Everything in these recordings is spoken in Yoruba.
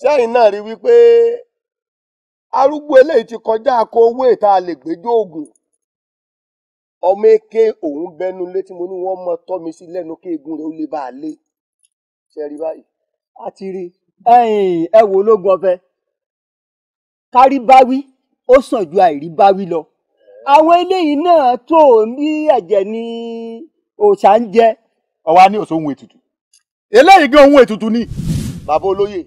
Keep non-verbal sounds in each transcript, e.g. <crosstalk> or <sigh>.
tí náà rí wípé arúgbó eléyìí ti kọjá àkó owó ìta lè gbẹjọ oògùn ọmọ èké òun bẹnu létí mo ní wọn mọ mi sí lẹ́nu kí eegun rẹ̀ ó lè bá a lé báyìí. a ti rí ẹ wo ológun ọ̀fẹ́ kárí ó sàn ju àìrí lọ àwọn eléyìí náà tó ní ẹ̀jẹ̀ ní òòṣà ń jẹ. ọwọ́ á ní òṣòwò ètùtù eléyìí gan ohun ètùtù ni. bàbá olóyè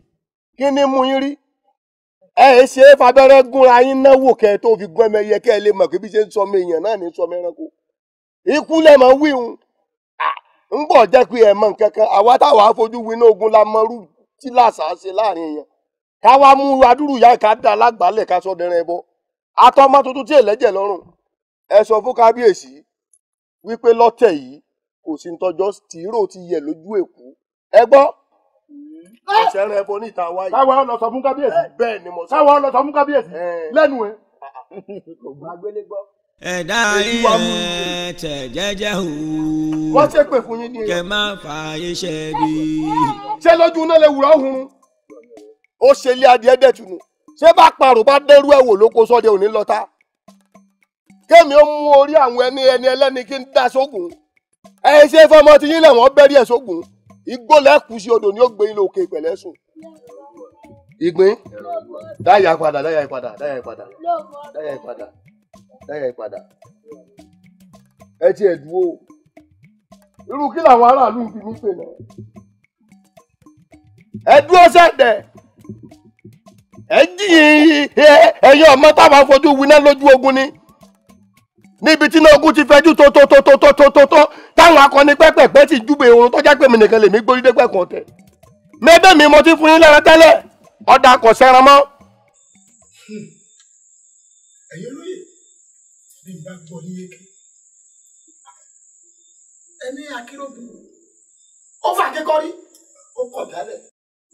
kí ni mú yín rí ẹ ẹ ṣe é fabẹ́rẹ́ gúnra yín náwó kẹ tó fi gún ẹmẹ yẹ kẹ ẹ lè mọ̀ kí bí ṣe ń sọmọ èèyàn náà ní sọmọ ẹranko ikú lẹ́mọ wíhun ń bọ̀ jẹ́ pé ẹ̀ mọ la tí làṣà ṣe láàrin èèyàn káwa mú adúrú yá ká ká sọ dẹrẹ bọ ti yẹ lójú ìṣẹ̀rẹ̀ ẹbọ ní ìta wáyé. táwa ọ lọ sọ fún kábíyèsí. bẹ́ẹ̀ ni mo sọ. táwa ọ lọ sọ fún kábíyèsí. lẹ́nu ẹ̀. <laughs> ẹ̀dá ilẹ̀ tẹ̀ jẹ́jẹ́ o. wọ́n ṣe pè fún yín ní. kẹ má fa iṣẹ́ bí. ṣé lójú náà lè wúrọ̀ ọ̀hún? ó ṣe ilé adìẹ dẹ̀ ṣé bá parò bá dẹ́rú ẹ̀wò lóko sọ́dẹ̀ òní lọ́ta kémi ó mú orí àwọn ẹni ẹni ẹlẹ́ni kí n dá sógun ẹ ṣe fọmọ tí yín lẹ̀ wọ́n bẹ́rí ẹ̀ sógun igbó lẹ́kùsí odò ni ó gbé ilé òkè ìpẹ̀lẹ́ sùn ìgbín dáyà padà dáyà padà dáyà padà dáyà padà dáyà padà ẹ ti ẹ̀ dúró irú kí làwọn aráàlú ń fi mí pè náà ẹ dúró sẹ́dẹ̀ ẹ jìyìn ẹ̀yin ọmọ táwọn afojú winá lójú ogun ni níbi tí Tinubu ti fẹjú tó tó tó tó tó tó tó tó táwọn akọni pẹ́pẹ́pẹ́ ti júbe òun tó jẹ́ pé mi nìkan lèmi gbórí dé pẹ́kàn tẹ̀. mẹ́bẹ́ mi mo ti fún yín lára tẹ́lẹ̀ ọ̀dà kò sẹ́ran mọ́. ẹ̀yin olóye bí n bá gbọ́ ní yékè ẹni akéròbù ó fà kékọ́rí ó kọ̀ dálẹ̀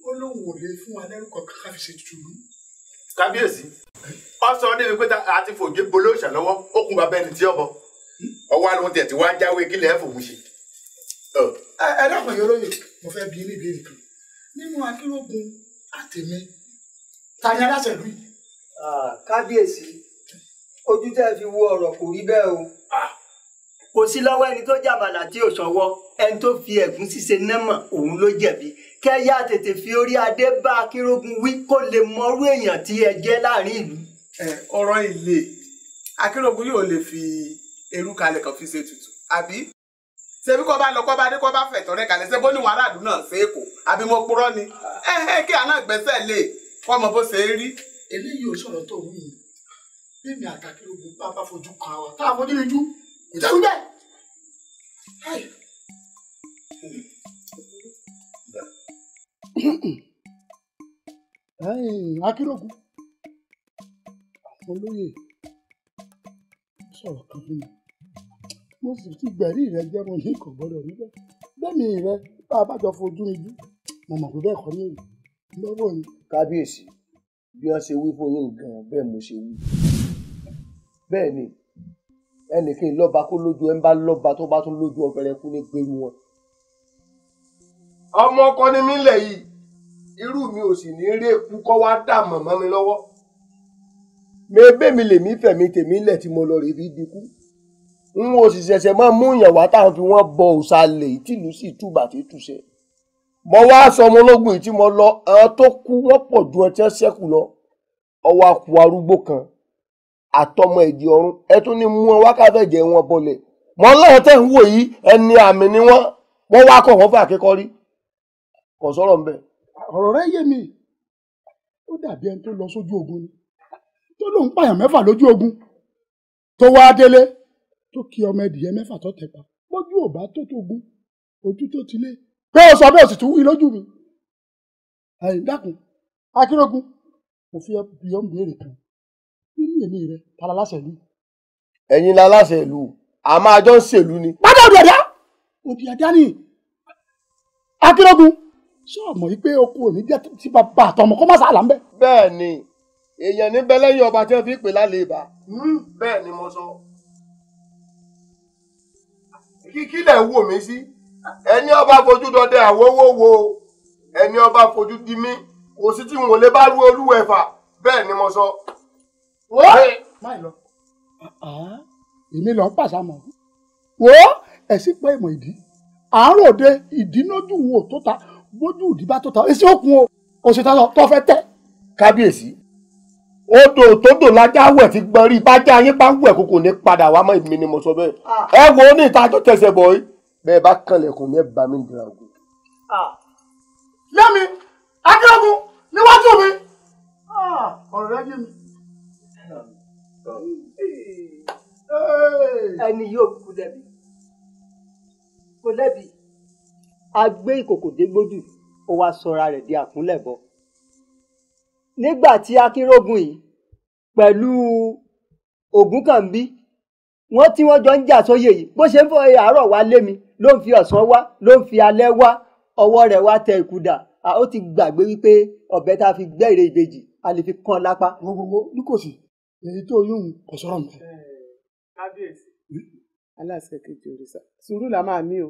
ó lóun ò lè fún wa lẹ́rù kọ̀ọ̀kan káfíṣe tuntun kábíyèsí ọsọ ọdẹ mi pé àti fòjé bolí òòṣà lọ́wọ́ ó kún bàbá ẹni tí ọbọ ọwọ́ àlùmọ tẹ tí wàá jáwé kílẹ ẹ fòun ṣe. ẹ dákun yìí olóyè mo fẹ́ bi níbi nǹkan nínú akérògùn àtẹmí ta ni aláṣẹ ìlú yìí. kábíyèsí ojú tẹ́ ẹ fi wo ọ̀rọ̀ kò rí bẹ́ẹ̀ o kò sí lọ́wọ́ ẹni tó jàbàlà tí ò ṣọwọ́ ẹni tó fi ẹ̀gún ṣíṣe náà òun ló jẹ̀bi kẹ́yà tètè fi orí adé bá akérògùn wí kó lè mọrú èèyàn tí ẹ jẹ́ láàrin ìlú. ọ̀rọ̀ ilé akérògùn yóò lè fi eru kalẹ̀ kan fi ṣe tutù àbí ṣebí kọ́ lọ kọ́ bá dé kọ́ bá fẹ̀tọ́ rẹ̀ kalẹ̀ ṣe bó náà ṣe é àbí mo purọ́ ni ẹ ẹ kí àná gbẹ́sẹ̀ lè kọ́ mọ bó ṣe é rí. eléyìí ò sọ̀rọ̀ tó wù mí bẹ́ẹ̀ni àtàkérògùn bá bá kan wa tá a fojú rí bẹ́ẹ̀. akérògùn àwọn olóyè sọ̀rọ̀ kan fún mi mo sì ti gbẹ̀rí rẹ jẹ́ mo ní kò gbọ́dọ̀ níbẹ̀ bẹ́ẹ̀ni rẹ bá a bá jọ fojú ijú mo mọ̀ pé bẹ́ẹ̀ kọ́ ní ìlú lọ́wọ́ ni. kábíyèsí bí wọ́n ṣe wí fún yín gan-an bẹ́ẹ̀ mo ṣe wí bẹ́ẹ̀ ni ẹnìkan lọ́ba kó lójú ẹ̀ ń bá lọ́ba tó bá tún lójú ọ̀fẹ́rẹ́ kú ní gbẹ̀rù wọn. ọmọ ọkọ ni mí lẹ̀ yìí irú mi ò sì ní rí eku kọ́ wá dà mọ̀mọ́ mi lọ́wọ́ mẹ́bẹ́ mi lèmi fẹ̀mí tèmi lẹ̀ tí mo lọ rí bí dikú n ò sì ṣẹ̀ṣẹ̀ máa mú ìyàn wá táwọn fi wọ́n bọ òsàlẹ̀ ìtìlú sì túbà tí túṣẹ mo wá aṣọ ọmọ ológun yìí tí mo lọ àwọn tó kú wọ́n pọ̀ ju ọtí ṣẹ́kù lọ ọwọ́ akú arúgbó kan àtọmọ ẹ̀jẹ̀ ọ̀run ẹ tún ní mú wákàtẹ́jẹ wọn bọlẹ̀ mọ lọ́wọ́ tẹ̀ ń wò yìí ẹni àmì ni wọ́n wọ́n wá kọ̀ wọ́n fà kékọ́rí kò sọ̀rọ̀ ń bẹ́ẹ̀ ọ̀rọ̀ rẹ yé mi ó dàbí ẹni tó lọ sójú ogun ni tó lóun pààyàn mẹ́fà lójú ogun tó wá délé tó kí ọmọ ẹdìyẹ mẹ́fà tó tẹ̀pa lójú ò bá tó tó gún ojú tó ti lé pé o sọ bẹ́ẹ̀ sì tún wí lójú mi ẹ̀yìn dákun akérògùn mo fi ẹbí ọmọ béèrè kan nínú èmi rẹ tara láṣẹ ìlú. ẹ̀yin la láṣẹ ìlú àmọ́ àjọ ń ṣèlú ni. pátá òdìàdá òdìàdá ni akérògùn ṣé ọmọ yìí pé oko ò ní jẹ́ ti bàbá àtọmọ kó má sàálà ń bẹ. bẹ́ẹ̀ ni èèyàn níbẹ̀ lẹ́yìn ọba tí wọ́n fi pè lálẹ́ ibà hmm, bẹ́ẹ̀ ni mo sọ. kíkí lẹ̀ ń wò mí sí ẹni ọba fojú dọdẹ àwòwòwò ẹni ọba fojú di mí kò sí tí n ò lè bá rú olúwẹ̀fà bẹ́ẹ̀ ni mo sọ. wọ́n máì lọ. èmi lọ ń pàṣà mọ̀ wọ́n ẹ̀sìn pé ìmọ̀ ìdí àárò de ìdínójú wo tó ta bójú ìdí bá tó ta èsì òkun o òsì tó tó fẹ́ tẹ́ kábíyèsí odò tó dò lájà wẹ̀ ti gbọ́n rí bájá yín bá wẹ̀ kókò ní padà wá mọ́ èmi ni mo sọ bẹ́ẹ̀ ah. ẹ wo ní ìta tó tẹ̀sẹ̀ bọ̀ yìí bẹ́ẹ̀ bá kànlẹ̀kùn ní ẹ̀ bá mi dìrà ògùn. Ah. lẹ́mi adéogun níwájú mi ah, ọ̀rọ̀ rẹ mi. ẹni yóò kú lẹ́bi kò lẹ́bi a gbé ìkòkò dégbódù ó wá sọra rẹ̀ di àkúnlẹ̀bọ. nígbà tí akínrógun yìí pẹ̀lú ògúnkànbí wọ́n tí wọ́n jọ ń jà sóyè yìí bó ṣe ń fọ àárọ̀ wá lé mi ló ń fi ọ̀sán wá ló ń fi alẹ́ wá ọwọ́ rẹ̀ wá tẹ ìkúdà ó ti gbàgbé wípé ọ̀bẹ tá a fi gbẹ́ ìrè ìbejì a lè fi kán lápá. gbogbogbò ní kò sí èyí tó yún un kò kábíyèsí hmm. aláṣẹ kejì òrìṣà sùúrù la máa ní o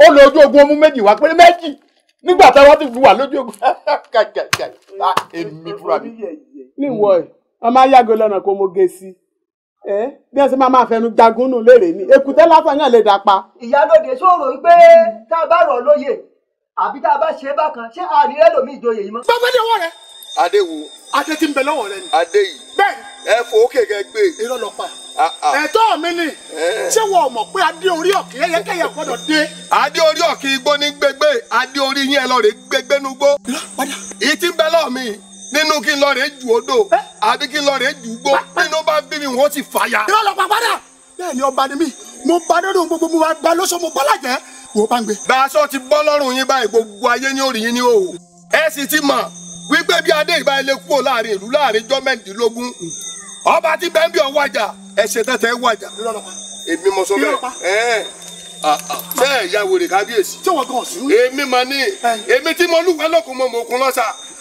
ó lọ ojú ogun ọmú méjì wá péré méjì nígbà táwa ti fi wà lójú ogun <laughs> ah, èmi fúra mi. níwọ̀ ẹ̀ ha máa yàgò lọ́nà kó mo gé sí ẹ bí ẹ ṣe máa máa fẹnu jagun nù ni èkúté lásán náà lè dà pa. ìyálóde sọ̀rọ̀ pé tá a bá rọ̀ lóye àbí tá a bá ṣe é bákan ṣé àárín ẹlòmíì ìjòyè yìí ọwọ́ rẹ̀. adé wo. adé tí ń bẹ lọ́wọ́ rẹ ni. adé yìí. bẹ́ẹ̀ ni. ẹ fò ó kẹ̀kẹ́ gbé. irọ́ lọ pa. Ah, ah. ẹ̀tọ́ mi ni. ṣé wọ́n mọ̀ pé adé orí ọ̀kì ẹ̀yẹkẹ̀yẹ gbọ́dọ̀ dé. adé orí ọ̀kì igbó ní gbégbé adé orí yín ẹ lọ rè gbégbé nu gbó. ìyí tí ń bẹ lọ́ọ̀ mi nínú kí n lọ rè jù odò àbí kí n lọ rè jù gbó nínú bá bí mi wọ́n ti fàyà. irọ́ lọ pa padà. bẹ́ẹ̀ ni ọba ni mí mo ba nínú gbogbo mo ba lóṣù mo bọ́lá jẹ́ wo bá ń gbé. bá a sọ ti bọ́ lọ́rùn yín báyìí gbogbo ayé ní òrìyìn ní òwò ẹ sì ti mọ̀ wípé bí adé ìbá ilé kúrò láàrin ìlú láàrin jọ́ mẹ́rìndínlógún ọba tí bẹ́ńbí ọ̀ wájà ẹ̀ṣẹ̀ tẹ̀tẹ̀ wájà èmi mọ sọ bẹ́ẹ̀ ṣe ẹ̀yà wèrè kábíyèsí èmi mọ ní èmi tí mo lúwẹ́ lọ́kùn mọ́ lọ́sà.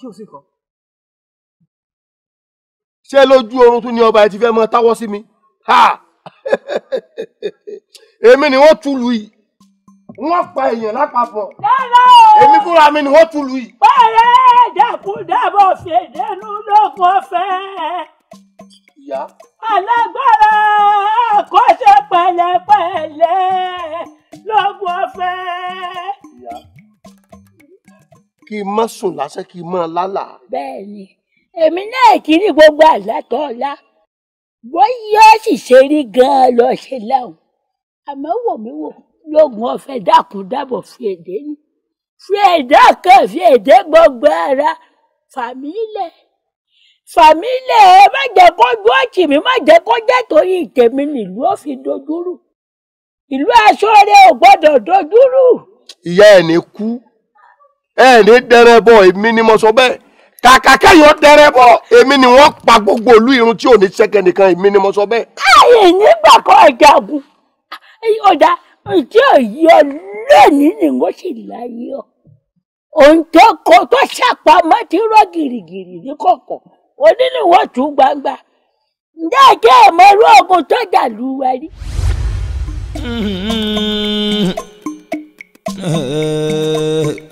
kí o sì kọ. ṣé lójú oorun tún ni ọba ẹ ti fẹ́ mọ táwọ́ sí mi <laughs> èmi ni wọ́n túlù yìí wọ́n pa èèyàn lápapọ̀ èmi fúnra mi ni wọ́n túlù yìí. bẹ́ẹ̀ dàkúdàbọ̀ fèdénú lóko fẹ́. ìyá. alágbára àkọ́ṣe pẹ̀lẹ́pẹ̀lẹ́ lóko fẹ́. ìyá kí n má sùn lásán kí n má lálàá. bẹ́ẹ̀ni èmi náà kì í ní gbogbo àlá tó ọlá bóyá ó sì ṣe rí ganan lọ ṣe láwọn àmọ́ wò mí wò lóògùn ọ̀fẹ́ dákun dábọ̀ fi èdè ní fi èdè kan fi èdè gbogbo ara fàmílẹ fàmílẹ má jẹ́ kó ju ọtí mi má jẹ́ kó jẹ́ torí tèmi nílùú ó fi dojúrú ìlú aṣọre ò gbọ́dọ̀ dojúrú. ìyá ẹ̀ ní kú ẹ ní dẹrẹ èmi ni mo sọ bẹ́ẹ̀ kàkà kẹyọ dẹrẹ bọ èmi ni wọ́n pa gbogbo ìlú irun tí ò ní sẹkẹ nìkan èmi ni mo sọ bẹ́ẹ̀. káyé nígbà kan ọjàgùn ọjà ìjọ yọ lónìí ni wọ́n sì láyé ọ òǹtẹ kọ tó ṣàpamọ́ ti rọ gìrìgìrì ní kọ̀kọ̀ onílùwọ tún gbangba ǹjẹ́ ẹjẹ ìmọ̀rú ogun tó jà lù wá rí. Uh... <laughs>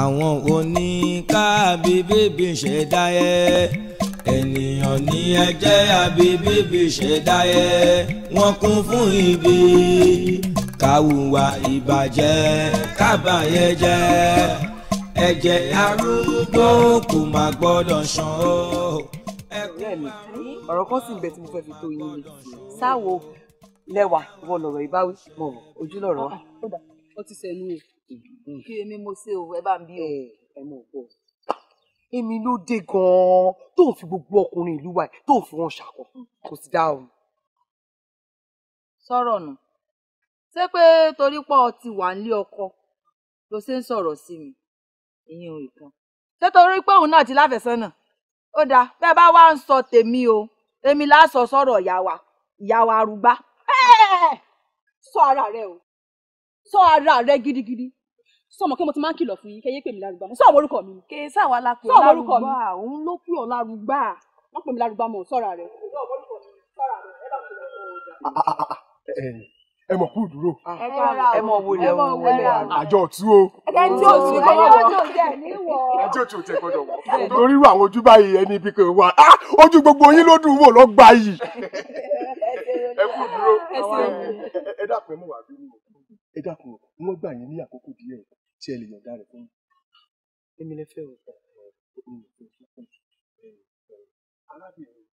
àwọn oníkàbíbèbè ṣẹ̀dá ẹ̀ ènìyàn ní ẹjẹ́ àbíbèbè ṣẹ̀dá ẹ̀ wọ́n kún fún ibi káwùwà ìbàjẹ́ kábàyẹ̀ jẹ́ ẹ̀jẹ̀ arúgbó kò má gbọ́dọ̀ ṣàn ó. ọ̀rẹ́ mi ọ̀rọ̀ kan sì ń bẹ tí mo fẹ́ fi tó yín lé sáwo lẹ́wà ìwọ lọ̀rọ̀ ìbáwí mọ̀ ojúlọ̀rọ̀ wa. Ah, ah, ó ti sẹ́nu o. Mm. kí èmi mo ṣe o ẹ bá ń bí o. Eh, ẹ mọ̀ pọ̀ èmi ló dé gan-an tó fi gbogbo ọkùnrin ìlú wa tó fi wọn ṣàkọ kò sì dá o. sọ̀rọ̀ nù ṣé pé torí pọ̀ ti wà nílé ọkọ ló ṣe ń sọ̀rọ̀ sí mi ìyẹn ò kan ṣé torí pé òun náà ti láfẹ̀sọ́nà ó dáa bẹ́ẹ̀ bá wá ń sọ tèmi o èmi là á sọ sọ̀rọ̀ ìyá wa ìyá wa arúgbá sọ ara rẹ o sọ ara rẹ gidigidi sọmọ kí mo ti máa ń kìlọ̀ fún yín kẹyẹ pè mí lárúgbà mo sọmọ orúkọ mi. kèé sáwa la pè ọ lárúgbà òun ló pè ọ lárúgbà wọn pè mí lárúgbà mọ sọra rẹ. ẹ mọ̀ kú dúró ẹ mọ̀ wọlé ọ àjọ òtú o. ẹ tí o tún ẹ yọ ọjọ tẹ níwọ. ẹ tí o tún tẹ gbọ́dọ̀ wọ. torí irú àwọn ojú báyìí ẹni ibi kan wà ah! ojú gbogbo yín ló dùn wò lọgbà yìí. ẹ kú dúró ẹ dàpẹ́ mọ̀ wá bí mo, ẹ dàpọ̀ wọ́n gbà yín ní àkókò díẹ̀ tí ẹ lè yọ̀ǹda rẹ̀ fún mi. èmi lè fẹ́ o arábìnrin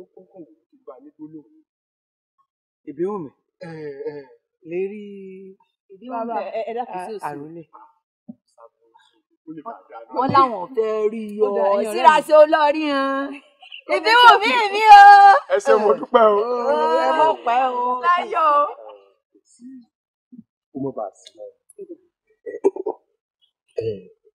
ó kọ́kọ́ wò ó gba ní gbólóhùn. ìbéwò mi lérí àròlé. wọ́n láwọn fẹ́ rí i ọ síra ṣe olórí hàn ìbéwò mi mi o. ẹ ṣe mo dúpẹ́ o. ẹ mọ̀ pẹ́ o. láyọ̀ o. kó mọ̀ bá a sí náà ẹ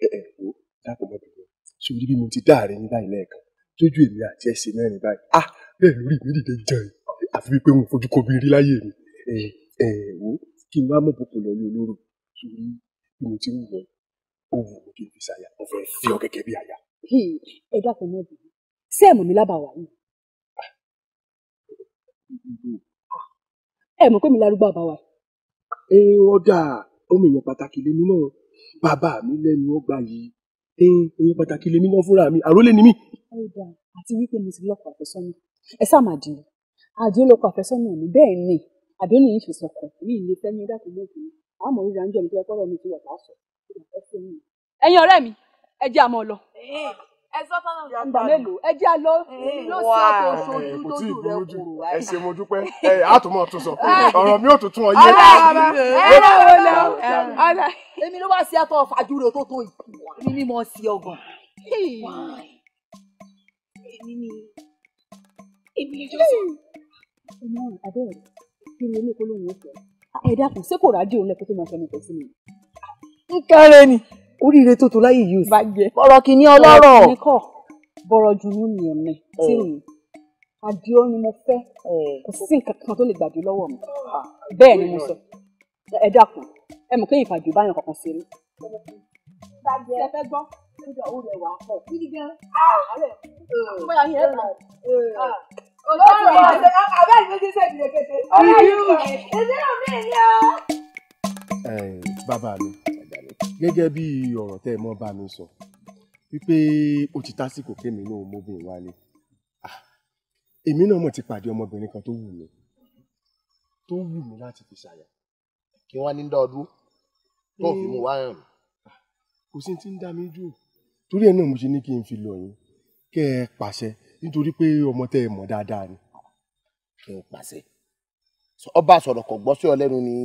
ẹ ẹ wo dákun mọ́ bìbọn sórí bí mo ti dáàrin ní báyìí lẹ́ẹ̀kan tójú èmi àti ẹsẹ̀ mẹ́rin báyìí ah bẹ́ẹ̀ lórí mi dìde jẹ́ àfi wípé mo fojú kó bíi rí láyé mi ẹ ẹ wo kí n wá mọ̀ bùkún lọ ní olóró sórí bí mo ti ń wọ̀ ó wù mí kí n fi ṣàyà mo fẹ́ fi ọ gẹ́gẹ́ bí aya. ẹ dákun mọ́ bìbọn sẹ́ẹ̀mù mi lábàwá yìí ah! ẹ mọ̀ pé mi lárúgbó àbáwá. ẹ ọ̀dà ọmọ èèyàn pàtàkì lèmi náà bàbá mi lẹ́nu ọgbà yìí èèyàn pàtàkì lèmi náà fúnra mi àrólé ni mí. ó dáa àti wípé mo ti lọ́kọ àfẹ́sọ́nà ẹ sáà máa dìrò àdìó lọ́kọ àfẹ́sọ́nà mi bẹ́ẹ̀ ni àdìó nìyí fi sọkọ mi ìlé fẹ́ ní dákun mọ́tò mi àwọn ọmọ ìrìnàjò mi tó yẹ kọ́ ẹ̀yin ọ̀rẹ́ mi ẹ jẹ́ àmọ́ lọ ẹ tán náà ẹ jẹ́ lọ mm. lọ sí àtò ṣojú lójú rẹ kúrò ẹ ṣe mo dúpẹ́ <laughs> ẹ àtúmọ̀ tún sọ ọ̀rọ̀ mi ò tún tún ọ yé. ọ̀rọ̀ wo lẹ èmi ló bá ṣe àtọ̀ fàjúrò tó tó yìí mi mọ̀ sí ọgàn. èmi ni èmi ni jọ́sọ̀. ọmọ àbẹ́rẹ́ kí ni oníkólóhùn ó fẹ́ ẹ dákun ṣé kò rádìó lẹ́kọ́ tó máa fẹ́ mi pẹ̀ sí mi. ń ni oríire tó tó láyé yìí ò bọ̀rọ̀ kì ní ọlọ́rọ̀ bọ̀rọ̀ jù mí ni ẹ̀mí tí mi àdìọ́ ni mo fẹ́ kò sí nǹkan kan tó lè gbàdé lọ́wọ́ mi ah. bẹ́ẹ̀ ni mo sọ ẹ dákun ẹ mọ̀ kéyìn fàdí báyọ̀ kankan ṣe rí. ẹ fẹ́ gbọ́ nígbà ó rẹ̀ wá pọ̀ gidi gan àárẹ̀ ah, bóyá yẹn ẹ̀ mọ̀ ah. olórí ọ̀sẹ̀ abẹ́ ìgbésẹ̀ ìgbésẹ̀ ọ̀rẹ́ yìí ẹ̀sẹ̀ náà mí ni ọ́. bàbá mi gẹ́gẹ́ bí ọ̀rọ̀ tẹ́ ẹ mọ́ bá mi sọ wípé o ti tásìkò kémi náà ọmọbìnrin wálé èmi náà mọ̀ ti pàdé ọmọbìnrin kan tó wù mí tó wù mí láti fi ṣàyà kí wọ́n á ní dá ọdún tó fi mú wá rìn. kò sí ti ń dá mi jù torí ẹ náà mo ṣe ní kí n fi lọ yín kẹ ẹ pàṣẹ nítorí pé ọmọ tẹ ẹ mọ̀ dáadáa ni. kẹ ẹ pàṣẹ ọba sọ̀rọ̀ kò gbọ́ sí ọ lẹ́nu ni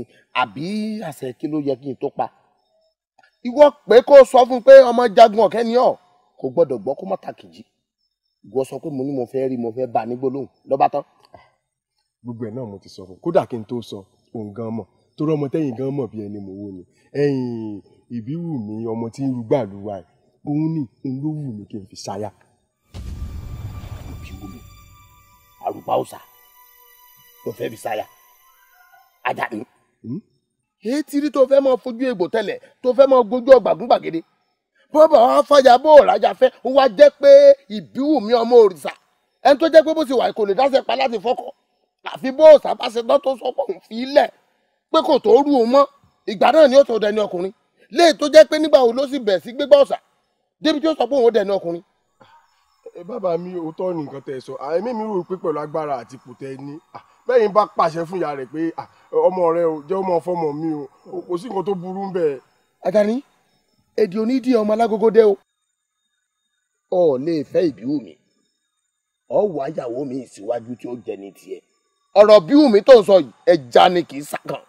àbí àṣẹ kí ló yẹ kí n tó pa ìwọ pé kó sọ fún un pé ọmọ jagun ọ̀kẹ́ ni ọ́ kò gbọ́dọ̀ gbọ́ kó má takìjì ìwọ sọ pé mo ní mo fẹ́ rí mo fẹ́ bá ní gbólóhùn lọ́ba tán. gbogbo ẹ̀ náà mo ti sọ fún kódà kí n tó sọ òun gan mọ̀ torí ọmọ tẹ́yìn gan mọ̀ bí ẹni mò ń wò ni ẹ̀yìn ìbíwù mi ọmọ tí ń rúgbà ló wà òun ni òun ló wù mí kí n fi ṣáyà. ìbíwù mi àrùbáwòsà ló fẹ́ fi ṣáyà ajá ni. Hmm? èyí ti rí tó fẹ́ mọ fojú egbò tẹ́lẹ̀ tó fẹ́ mọ gojú ọgbàgún gbàgede bọ́bà wa fàjà bó òràjà fẹ́ ó wá jẹ́ pé ìbíwùmí ọmọ òrìṣà ẹni tó jẹ́ pé bó ti wà kò lè dáṣẹ́ pa láti fọkọ̀ àfi bó òòṣà bá ṣe tán tó sọ́kọ̀ ń fi lẹ̀ pé kò tó rú o mọ́ ìgbà náà ni ó tó dẹni ọkùnrin léè tó jẹ́ pé nígbà wo ló sì bẹ̀ sí gbégbá òòṣà débi tí ó sọ pé òun dẹni ọkùnrin. bàbá mi òótọ́ nìkan tẹ̀ sọ àìmí mi rò pé pẹ̀lú agbára àti kò tẹ́ ní bẹ́yìn bá pàṣẹ fún ìyá rẹ̀ pé ọmọ rẹ o jẹ́ ọmọ fọmọ mi o kò sí nǹkan tó burú ń bẹ̀. àgàní èdè onídìí ọmọ alágógó dé o ọ lè fẹ́ ìbíwù mi ọ wà ìyàwó mi síwájú tí ó jẹ ní tiẹ̀ ọ̀rọ̀ bíwù mi tó ń sọ ẹja ni kì í sàkàn.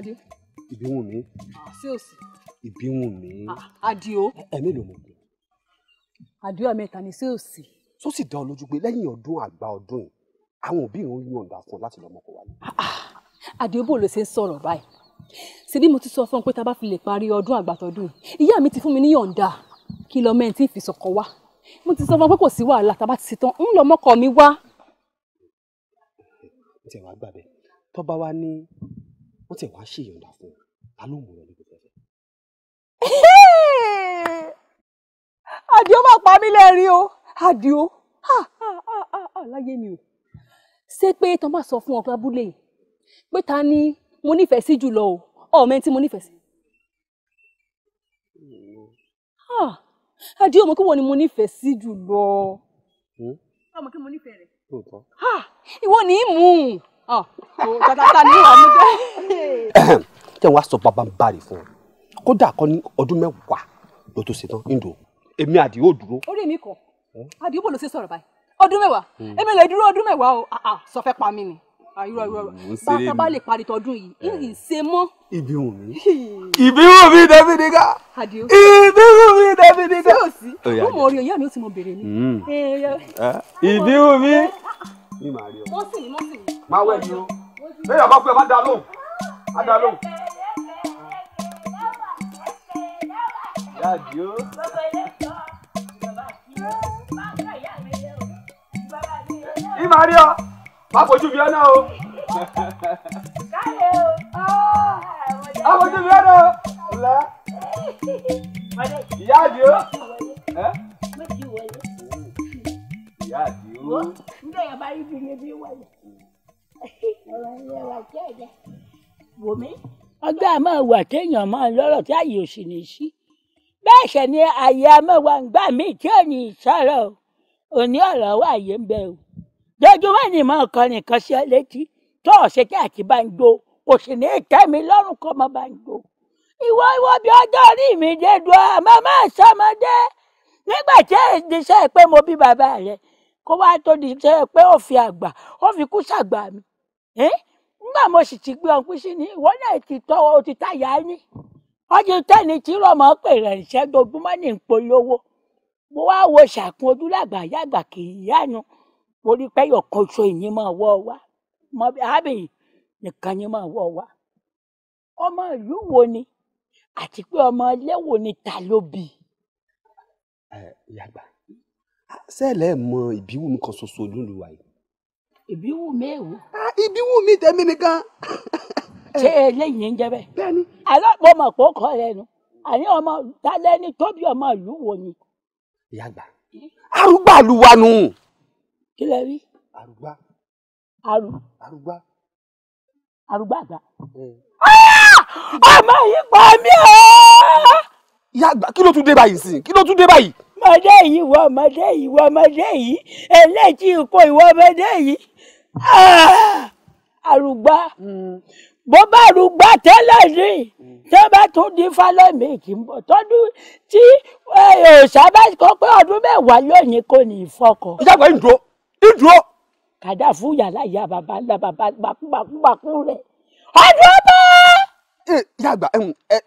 Adio. Ìbíwùnmí. Ah, ṣé o sì? Ìbíwùnmí. Adio. Ah, Ẹ̀mí ló mọ̀ pé. Adio àmẹ́ta ni ṣé o sì? Tó sì dá ọ lójú pé lẹ́yìn ọdún àgbà ọdún yìí, àwọn òbí ìrún yọ̀ǹda fún ọ láti lọ mọ́kọ wálé. Adio bò ló ṣe ń sọ̀rọ̀ báyìí. Ṣebí mo ti sọ fún ọ pé tá a bá fi lè parí ọdún àgbàtọ́dún yìí, ìyá mi ti fún mi ní yọ̀ǹda kí lọ mẹ́ntì ìfisọ̀kọ̀ wá mo ti sọ fún ọ pé kò sí wàhálà tá a bá ti ṣetán ń lọ mọ́kọ mi wá. ǹjẹ́ wàá gbà bẹ́ẹ̀ tó bá ní wọ́n tẹ̀ wá ṣèyọ̀ǹda fún ọ ta ló mú ọ níbi tẹ́fẹ́. àdìó máa pa mí lẹ́rìn o àdìó láyé mi o ṣé pé tó máa sọ fún ọkọ abúlé pé ta ni mo nífẹ̀ẹ́ sí jùlọ o ọmọ ẹni tí mo nífẹ̀ẹ́ sí. àdìó mo kí wọ́n ni mo nífẹ̀ẹ́ sí jùlọ. Hmm? ọmọ kí mo nífẹ̀ẹ́ rẹ̀. ìwọ ni í mú un tàtàtà ni wàá mú jẹ́. tí wọn á sọ bàbá ń bàrè fún ọ kódà kọ ní ọdún mẹ́wàá ló tó ṣe tán nídò èmi àdìo dúró. orí mi kọ hm? àdìo bò ló ṣe sọ̀rọ̀ báyìí ọdún mẹ́wàá hm. èmi lè dúró ọdún mẹ́wàá o ah, ah, sọ fẹ́ pa mí ni ah, irọ́ irọ́ irọ́ bá bá lè parí tọdún yìí ìyìn hm. ṣe mọ́. ibi wù mí ibi wù mí dẹ́bìdígá ibi wù mí dẹ́bìdígá. ṣé o sì mo mọ orin ìyá mi ó sì mọ bèrè mi. ibi wù mí. mọ́sìn ni mọ́sìn ni. Ma wẹ̀ ni o bẹ́ẹ̀ bá pẹ́ má dá lóhùn má dá lóhùn. Yàdí o. Ìmọ̀ rí ọ, má fojú bí ọ náà o. Káyọ̀ fojú bí ọ náà o. Lẹ́. Ìyá àdí o. Ìyá àdí o. Ǹjẹ́ ìyá bá rí ibi ni ebi wáyé? wò mí ọgbẹ́ àmọ́ wà téèyàn máa lọ́rọ̀ tí àyè ò sì ní sí bẹ́ẹ̀ ṣe ni àyè àmọ́ wà ń gbà mí tí ò ní sọ̀rọ̀ òní ọ̀rọ̀ wà yé ń bẹ o jọjúmọ́ ni mo kọ́ nìkan sí ọ létí tó ọ̀sẹ̀ tí àti bá ń gbó o sì ní tẹ́mi lọ́rùn kọ́ mọ́ bá ń gbó ìwọ ìwọ bí ọjọ́ orí mi dé du àmọ́ máa sọmọdé nígbà tí ìdíṣẹ́ pé mo bí bàbá rẹ kó wá tó ìdíṣẹ́ pé ó fi àgbà ó fi kú sàgbà mi nígbà mo sì ti gbé ọkùn sí ni ìwọ náà ti tọwọ́ o ti táyà yín ọdún tẹ́ni tí rọmọ pè rẹ̀ ìṣẹ́dógúnmọ́ ní ìpolówó mo wá wo ṣàkún ojúlàgbà yàgbà kì í yánu mo rí pé yọ̀kan oṣù ìyín máa wọ́ wa mọ àbẹ̀yìn nìkan yín máa wọ́ wa ọmọ ìlú wo ni àti pé ọmọ ilé wo ni ta ló bí. ẹ yàgbà sẹ́ẹ̀lẹ̀ mọ ìbíwú mi kan ṣoṣo lóluwà ìbí wù mí èwo. ìbí ah, wù mí tèmi nìkan. ṣé eléyìí ń jẹ bẹ́ẹ̀. bẹ́ẹ̀ni. alápò mọ̀ pé ó kọ́ rẹ nu àní ọmọ talẹ́ni tóbi ọmọ ìlú wo ni. ìyá àgbà arúgbó àlùwà nù. kí lẹ rí. àrùgbá. àrù. àrùgbá. àrùgbá àgbà. ọmọ yìí pa mí o. ìyá àgbà kí ló tún dé báyìí sí kí ló tún dé báyìí ọmọdé yìí wọ ọmọdé yìí wọ ọmọdé yìí eléjì ikú ìwọ ọmọdé yìí àrùgbá ah! hmm. bó bá rúgbà tẹ́lẹ̀ rí tó bá tún di fálẹ́mì kì í bọ̀ tọ́dún tí òòṣà bá kọ́ pé ọdún mẹ́wàá lónìí kò ní ìfọkọ̀. ìjàgbọ́ ìdúró ìdúró. kàdá fún yàrá ìyá bàbá ńlá bàbá bàkúbàkú rẹ̀ ọdún ọba. ìyá àgbà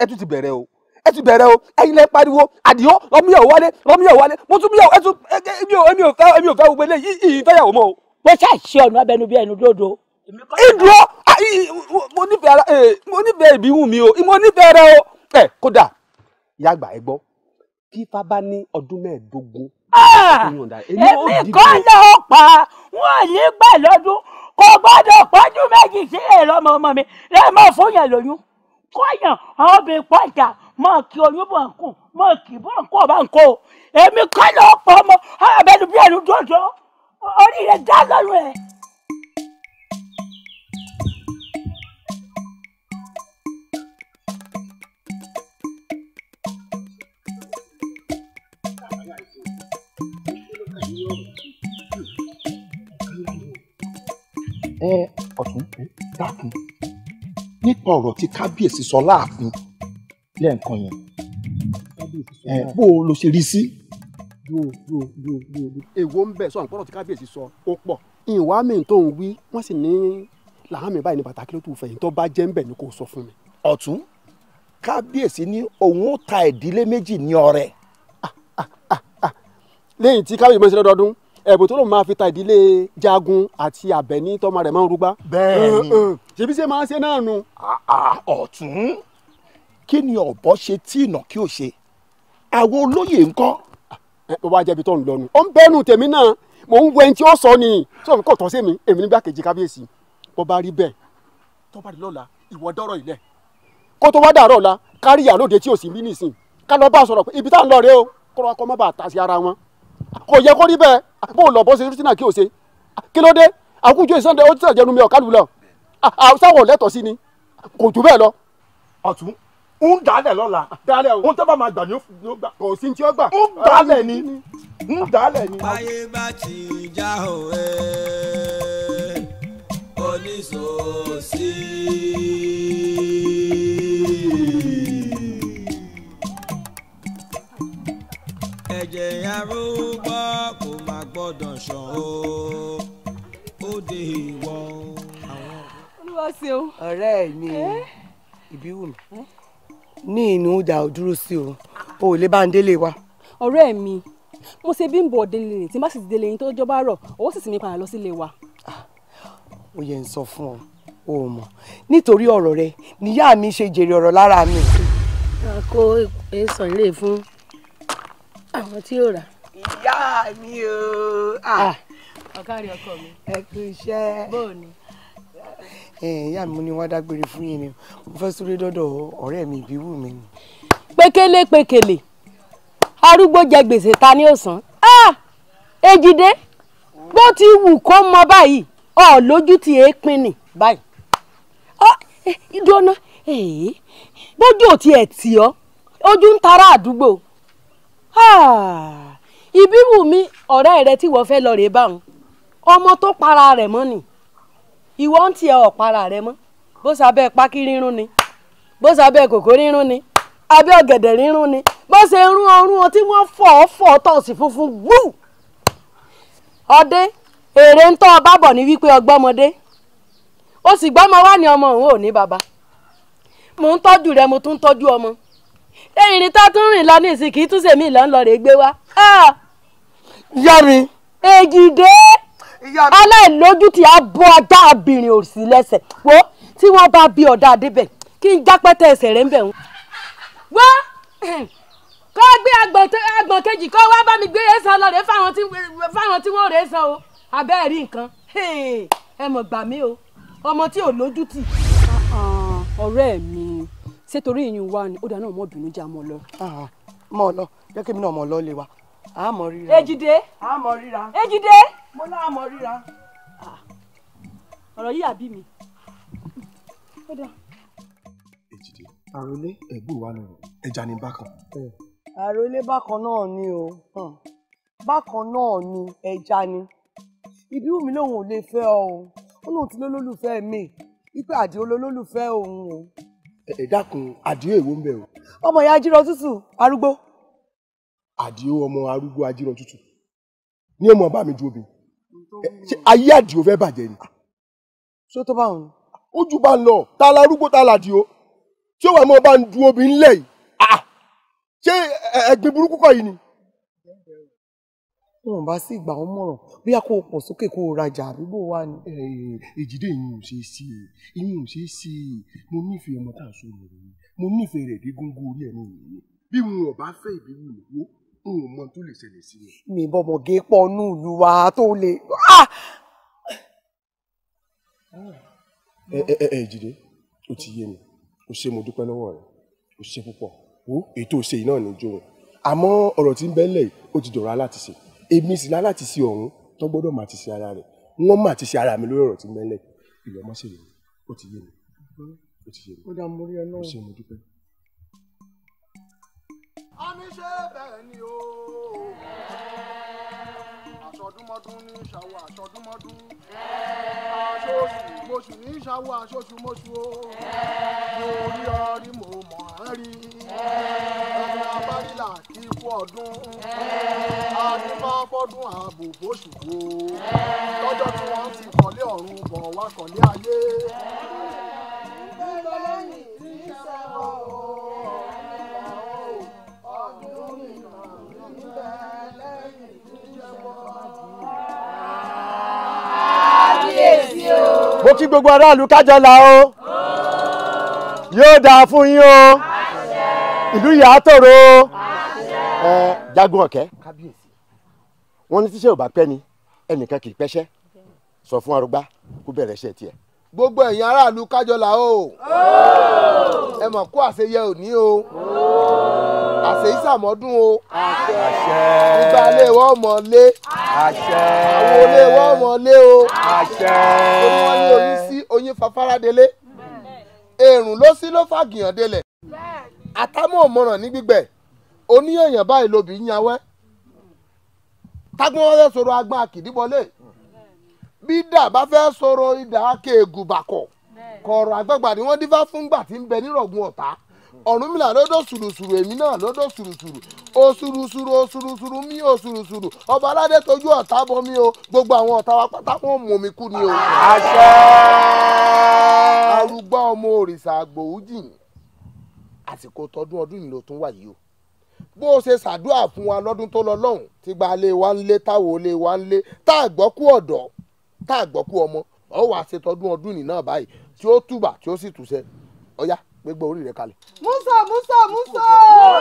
ẹ tún ti bẹ̀rẹ̀ o ẹ ti bẹ̀rẹ̀ o ẹ̀yin lẹ pariwo àdìó lọ́múyàwó wálé lọ́múyàwó wálé mo tún múyàwó ẹ tún èmi ò fẹ́ èmi ò fẹ́ gbogbo eléyìí ìyìn fẹ́yàwó mọ́ o. mo ṣàṣì ọ̀nà abẹnú bí ẹnu dòdò. ìdúró ah, eh, mo nífẹ̀ẹ́ ìbí wù mí o mo nífẹ̀ẹ́ rẹ o. ẹ kódà ìyá àgbà ẹ gbọ́ kí ifá bá ní ọdún mẹ́ẹ̀ẹ́dógún. Ah! èmi kọ́ lọ́ọ́ pa wọ́n yí gbà lọ́dún kò gbọ́dọ̀ pọ́jú méjì sí èrò ọmọ ọmọ mi lẹ́ẹ̀ máa fún yẹn lóyún kọ́yàn àwọn obìnrin pọ̀ ìjà mọ̀ kí oyún bọ̀ ń kù mọ̀ kí bọ̀ ń kú ọ̀bá ń kó èmi kọ́ ló pọ̀ ọmọ abẹ́nu bí ẹnu dòdò orí rẹ̀ dá lọ́rùn ẹ̀. ẹ ọ̀tún eh, dákun nípa ọ̀rọ̀ tí kábíyèsí sọ láàfin lẹ́ẹ̀kan yẹn ẹ bó o lo ṣe rí sí. èwo ń bẹ̀ sọ àwọn ọ̀rọ̀ tí kábíyèsí sọ ó pọ̀ ìwà mi tó ń wí wọ́n sì ní làámi báyìí ní pàtàkì ló tù fẹ̀yìn tó bá jẹ́ ń bẹ̀ ni kò sọ fún mi. ọ̀tún kábíyèsí ní òun ó ta ìdílé méjì ní ọrẹ. Ah, ah, ah, lẹ́yìn tí kábíyèsí máa ń ṣe lọ́dọọdún ẹ̀bùn tó lòun máa fi ta ìdílé jagun àti àbẹ̀ní tọ́mọ rẹ̀ máa ń rúgbá. bẹ́ẹ̀ni ṣebí ṣe máa ṣe náà nu. Ah, ah, ọ̀tún kí ni ọ̀bọ ṣe tí ìnà kí o ṣe àwọn olóyè ńkọ́. ó ah, wá jẹ́bi tó ń lọ nu. ó ń bẹ́nu tèmi náà mò ń wẹ́n tí ó sọ ni sọ mi kò tọ́ sí mi èmi nígbà kejì kábíyèsí bó bá rí bẹ́ẹ̀ tó bá rí lọ́la ìwọ dọ́rọ̀ ilẹ̀ kó tó wá dàrọ̀ la kárí àlóde tí ò sí rí nìsín ká lọ bá a sọ̀rọ̀ pé ibi tá à ń lọ rèé o kọ́ra kọ́ má bàa ta sí ara wọn kò yẹ kó rí bẹ́ẹ̀ bó lọ bó ṣe fìtínà kí o kí ló dé àkújọ ìsọ̀ndẹ̀ ó ti sàjẹnu mi ọ̀kadù lọ sáwọn lẹ́tọ̀ọ́ sí ni kò jù bẹ́ẹ̀ lọ. ọ̀tún ń dálẹ̀ lọ́la dálẹ̀ o ń tọ́ba máa gbà ní ó kò sí ti ó ń dálẹ̀ ni ń dálẹ̀ ni. báyé bá ti já òwe oníṣòsí. ẹ̀jẹ̀ arúgbó kò má gbọ́dọ̀ ṣàn ó ó de ìwọ̀n olúwa ṣeun. ọ̀rẹ́ mi ìbíwùmí eh? eh? ní inú ìdá òdúró sí o o ò lè bá ń délé wa. ọ̀rẹ́ mi mo ṣe bí ń bọ̀ délé ní tí má sì ti délé yín tó jọba rọ̀ owó sì sì mi padà lọ sílé wa. Ah, ó yẹ ń sọ fún ọ o mọ̀ nítorí ọ̀rọ̀ rẹ níyà mi ṣe jèrè ọ̀rọ̀ lára mi. a kó èso ilé fún àwọn tí yóò rà. ìyá mi o ah. ah, ọ̀kárí ọkọ mi. ẹ kú iṣẹ́. bóò ni ìyá mi ni wọ́n dágbére fún yín ni mo fẹ́ súré dọ́dọ̀ ọ̀rẹ́ mi ìbíwù mi ni. pékélé pékélé arúgbó jẹ gbèsè ta ní ọ̀sán èjìdé bó ti wù kó mọ báyìí ọ̀ lójú ti èépin nì báyìí ìdọ́nà bójú ò tiẹ̀ tì ọ́ ojú ń tara àdúgbò ah! ìbíwù mi ọ̀rẹ́ rẹ tí wọ́n fẹ́ lọ rèé báwọn ọmọ tó para rẹ̀ mọ́ nìí ìwọ ń tiẹ̀ ọ̀para rẹ mọ́ bó sábẹ́ pákí rírun ni bó sábẹ́ kòkó rírun ni abẹ́ ọ̀gẹ̀dẹ̀ rírun ni bó ṣe rún ọrún ọ tí wọ́n fọ̀ ọ́ fọ̀ ọ́ tọ̀ sí funfun wú. ọdẹ èrè ń tọ́ ọ bá bọ̀ ní wípé ọgbọ́mọdé ó sì gbọ́mọ wá ní ọmọ òun ò ní bàbá mò ń tọ́jú rẹ mo tún tọ́jú ọmọ ìrìn tá a tún rìn lọ ní kì í tún ṣèmí ìlànà rẹ̀ gbé wá. Ah! yá mi. èjìdé aláìlójú ti abọ́ ajá abìnrin òsì lẹ́sẹ̀ wo tí wọ́n bá bí ọ̀dà adébẹ̀ kí n jápẹ́tẹ̀ ẹsẹ̀ rẹ̀ ń bẹ̀ wọ́n. wá kọ́ gbé agbọ̀n kejì kọ́ wá bá mi gbé rẹ̀ san lọ́rẹ̀ fáwọn tí wọ́n rẹ̀ san o abẹ́ rí nǹkan ẹ mọ̀ gbà mí o ọmọ tí ò lójú tì. ọ̀rẹ́ mi ṣé torí ìyún wa ni ó dáná ọmọ bínú já mọ́ lọ. Ah, mọ́ ọ lọ jẹ́ kí mi náà mọ̀ lọ́ọ́ lè wa àmọ́ ríra. ejide àmọ́ ríra. ejide mo náà mọ ríra. Ah, ọ̀rọ̀ yìí àbí mi. èjìdé àròlé ẹ̀gbọ́n wa lọ̀rọ̀ ẹja ni bákan. àròlé bákan náà ni o hmm. bákan náà ni ẹja ni ibi wù mí lòun ò lè fẹ́ ọ o ó lóun ti lólólùfẹ́ mi wípé àdìo lólólùfẹ́ òun o. ẹ dákun àdìo èwo ń bẹ o. ọmọ ìyá ajírọ tútù arúgbó. àdìo ọmọ arúgbó ajírọ tútù ní ọmọ bá mi ju obìnrin ayé àdìo fẹ́ bàjẹ́ ni. ṣé tó bá ń. ojú bá ń lọ ta la arúgbó ta la dìo tí ó wà mọ́ bá ń du obì ńlẹ̀ yìí ah! ṣé ẹ̀gbin burúkú kọ́ yìí ni. wọn bá sì gbà ọ mọ̀ràn bóyá kó o pọ̀ sókè kó o rajà àdúgbò wa ni. èjìdé yìí ò ṣe é yìí ò ṣe é mo nífẹ̀ẹ́ ọmọ tá a sọ̀rọ̀ rẹ̀ mo nífẹ̀ẹ́ rẹ̀ dé góńgó orí ẹ̀ náà nìyẹn bí wọn ò bá fẹ́ ìbí wù ú n ò mọ tó lè ṣẹlẹ̀ sí mi. mi bọ̀mọ̀gé pọnú ìlú wa tó lè. Ah! ẹ ẹ ẹ jìde o ti yé mi o ṣe mo dúpẹ́ lọ́wọ́ rẹ o ṣe púpọ̀ o ètò ìṣe yìí náà ní jó wọn àmọ́ ọ̀rọ̀ tí ń bẹ lẹ̀ o ti dọ̀rọ̀ aláti ṣe èmi sì láláti ṣe ọ̀hún tó gbọ́dọ̀ máa ti ṣe ara rẹ̀ wọ́n máa ti ṣe ara mi lórí ọ̀rọ̀ tí ń bẹ lẹ̀ ìwọ ọmọ ṣèlérí o ti yé mi o ti yé mi o ṣe mo dúpẹ́ oníṣẹ́ bẹ́ẹ̀ ni o. aṣọdúnmọ́dún ní ìṣàwọ̀ aṣọdúnmọ́dún. aṣoṣù moṣù ní ìṣàwọ̀ aṣoṣù moṣù o. mo rí ọ rí mo mọ̀ ọ́ rí. ẹni abárílà kí ikú ọdún. a ní máa fọ́dún ààbò fóṣù wo. lọ́jọ́ tí wọ́n ti kọ́lé ọ̀run bọ̀ wá kọ́lé ayé. mo kí gbogbo aráàlú kájọlá o yóò dáa fún yín o ìlú yàá tòrò o ẹ jagun ọ̀kẹ́ wọn ní tíṣẹ́ ò bá pẹ́ ni ẹnìkan kì í pẹ́ṣẹ́ sọ fún arúgbá kó bẹ̀rẹ̀ iṣẹ́ tiẹ̀. gbogbo ẹ̀yin aráàlú kájọlá o ẹ mọ̀ kó àṣeyẹ òní o. Oh àṣẹ ìsàmọ́dún o àṣẹ nígbà ilé wọn ọmọ lé àṣẹ àwọn olé wọn ọmọ lé o àṣẹ torí wọn ní oyin sí oyin fafara délé èrùn ló sí ló fàgìyàn délẹ̀ àtàmú ọ̀mọ̀ràn ní gbígbẹ oníyànyàn báyìí lobì ń yawẹ́ tágbọ́n fẹ́ sọ̀rọ̀ agbọ́n àkìdíbọlé bí dà bá fẹ́ sọ̀rọ̀ idà kéègùbàkọ̀ kọ̀ọ̀rọ̀ àgbàgbà ni wọ́n dífá fún gbà tí ń bẹ nírọ̀gùn ọ̀tá ọ̀rúnmìlà lọ́dọ̀ sùrùsùrù èmi náà lọ́dọ̀ sùrùsùrù òsùrùsùrù òsùrùsùrù mi òsùrùsùrù ọba aládé tójú ọ̀tá bọ mi o gbogbo àwọn ọ̀tá wa pátá wọn mú mi kú ni o. àṣẹ. arúgbó ọmọ òrìṣà àgbòhù jìn àsìkò tọdún ọdún yìí ló tún wà yìí o bó o ṣe ṣàdúrà fún wa lọ́dún tó lọ lọ́hùn tí gba ilé wa ń lé táwo ilé wa ń lé tá a gbọ́ kú ọ̀dọ́ tá a gbọ́ kú ọmọ ọ̀ wá ṣe tọdún ọdún yìí náà báyìí tí ó túbà tí ó sì túṣẹ́ ọ̀yá gbégbá orí rẹ kalẹ̀. musa musa musa. Oh!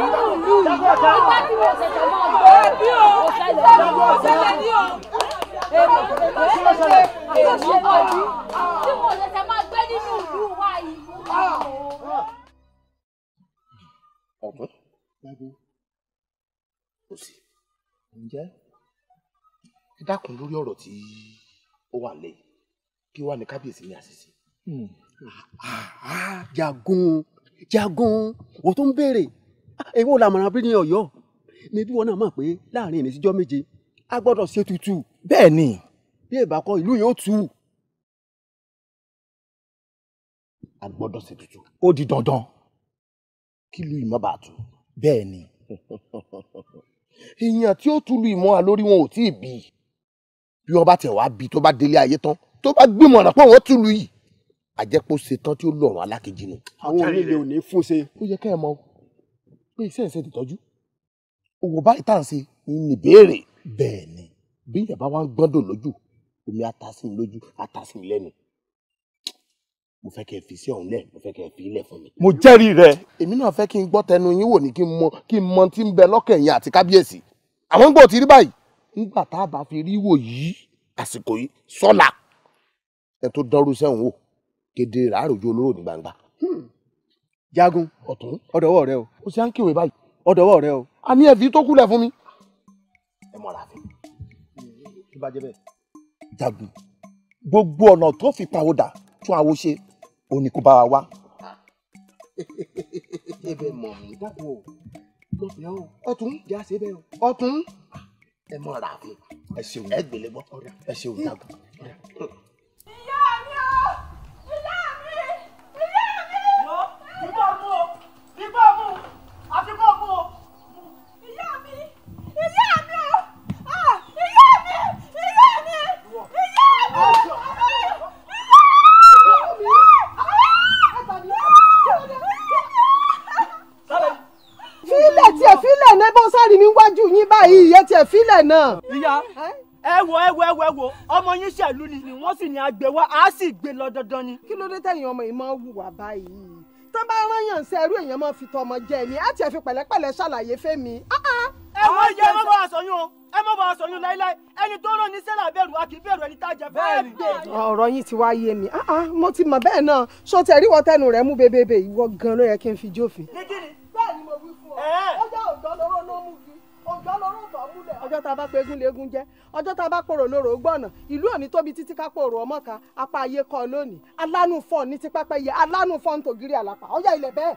Ìgbà tí mo ṣẹ̀ṣẹ̀ máa bọ̀ ọ́ bí o, ó ṣẹlẹ̀ ní o. Èmi ò ṣe ṣe èmi ò ṣe tọ́jú tí mo ṣẹ̀ṣẹ̀ máa gbé nínú ìlú wa yìí. Ọ̀gbọ́n lágbo òsì ǹjẹ́ ẹ dákun lórí ọ̀rọ̀ tí ó wà lẹ́yìn kí wàá ní kábíyèsí ní àṣìṣe. Hmm. Ah, ah, jagun jagun wo tó ń béèrè èwo làmọ̀ràn bí ní ọ̀yọ́ níbí wọn náà mọ̀ pé láàrin ìnísíjọ́ méje a gbọ́dọ̀ ṣe tutù. bẹ́ẹ̀ ni bí ìbákọ ìlú yóò tù. a gbọ́dọ̀ ṣe tutù. ó di dandan kí lu ìmọ̀ bá tu. bẹ́ẹ̀ ni. <laughs> èèyàn tí ó tu lu ìmọ̀ àlórí wọn ò tí ì bí bí wọn bá tẹ̀ wá bí tó bá délé ayé tán tó bá gbìmọ̀ ọ̀nà pé wọ́n tu lu yìí àjẹpọ̀ ṣetán tí ó lọ̀rùn alákejì nù. àwọn onílé ò ní fún ṣe. ó yẹ kẹ́ ẹ mọ̀ pé iṣẹ́ ìṣe ìtọ́jú òwò báyìí tá à ń ṣe ní ìbéèrè bẹ́ẹ̀ ni bí ìyàbá wa ń gbọ́dọ̀ lójú omi atasi mi lójú atasi mi lẹ́nu mo fẹ́ kẹ́ ẹ fi sí ọ̀hún lẹ̀ mo fẹ́ kẹ́ ẹ fi ilẹ̀ fún mi. mo jẹ́rìí rẹ. èmi náà fẹ́ kí n gbọ́ tẹnu yín wò ní kí n mọ kí n mọ tí ń bẹ lọ́kàn yín àti kábíyèsí àwọn ń gbọ́ ti rí báyìí nígbà tá a bá fi rí wò yìí àsìkò yìí sọ́la ẹ tó dánrú sẹ́wọ̀n wò kéde ràárò olóró ní gbangba. Hmm jagun ọ̀tún ọ̀dọ̀wọ́ rẹ o. o ṣe à ń kíwèé báyìí. ọ̀dọ̀wọ́ rẹ o. a ní ẹ̀fí tó kúlẹ̀ fún mi. ẹ mọ̀ra fi kí bá jẹ bẹ́ẹ̀. jagun gbogbo ọ̀nà tó fi pàwọ́dà tún àwo ṣe òní kò bá wa wá. ẹ bẹ mọ̀ mí dákun o mo fi hàn o ọ̀tún jẹ́ àṣẹ bẹ́ẹ̀ o ọ̀tún ẹ mọ̀ra fi ẹ ṣeun ẹ gbèlè bọ́ ẹ ṣeun jagun. tiẹ̀ náà. ìyá ẹ wo ẹ wo ẹ wo ẹ wo ọmọ yín ṣẹ̀lú ni wọ́n sì ní agbẹ̀wá á sì gbé lọ dandan ni. kí ló dé tẹ̀yìn ọmọ yìí máa ń báyìí tó bá rán yàn sí ẹrú èèyàn máa fi tọmọ jẹ ni á tiẹ̀ fi ṣàlàyé fẹ́mi. ẹ wọ́n yẹ ẹ má bọ̀ àṣọyún o ẹ má bọ̀ àṣọyún láíláí ẹni tó rán ní sẹ́là bẹ̀rù a kì í bẹ̀rù ẹni tá a jẹ fẹ́ẹ́ bẹ̀rù. yìí ti wá yé mi mo ti mọ̀ bẹ́ẹ̀ náà ṣó tẹ̀ ríwọ́ tẹnu rẹ̀ mú bebebe ìwọ gan yẹ kí n fi jófin. ní mo wí fún ọ ọjọ́ òdọ́ lọ́wọ́ ló mú bí tó múlẹ̀. ọjọ́ tá a bá pegun léegun jẹ́ ọjọ́ tá a bá pòrò lóró gbọ̀nà ìlú òní tóbi títí ká pòrò ọmọ ká apá ayé kọ lónìí alánú fọ́ ní tipápẹ́ yẹ alánú fọ́ ní àlàpà ilẹ̀ bẹ́ẹ̀.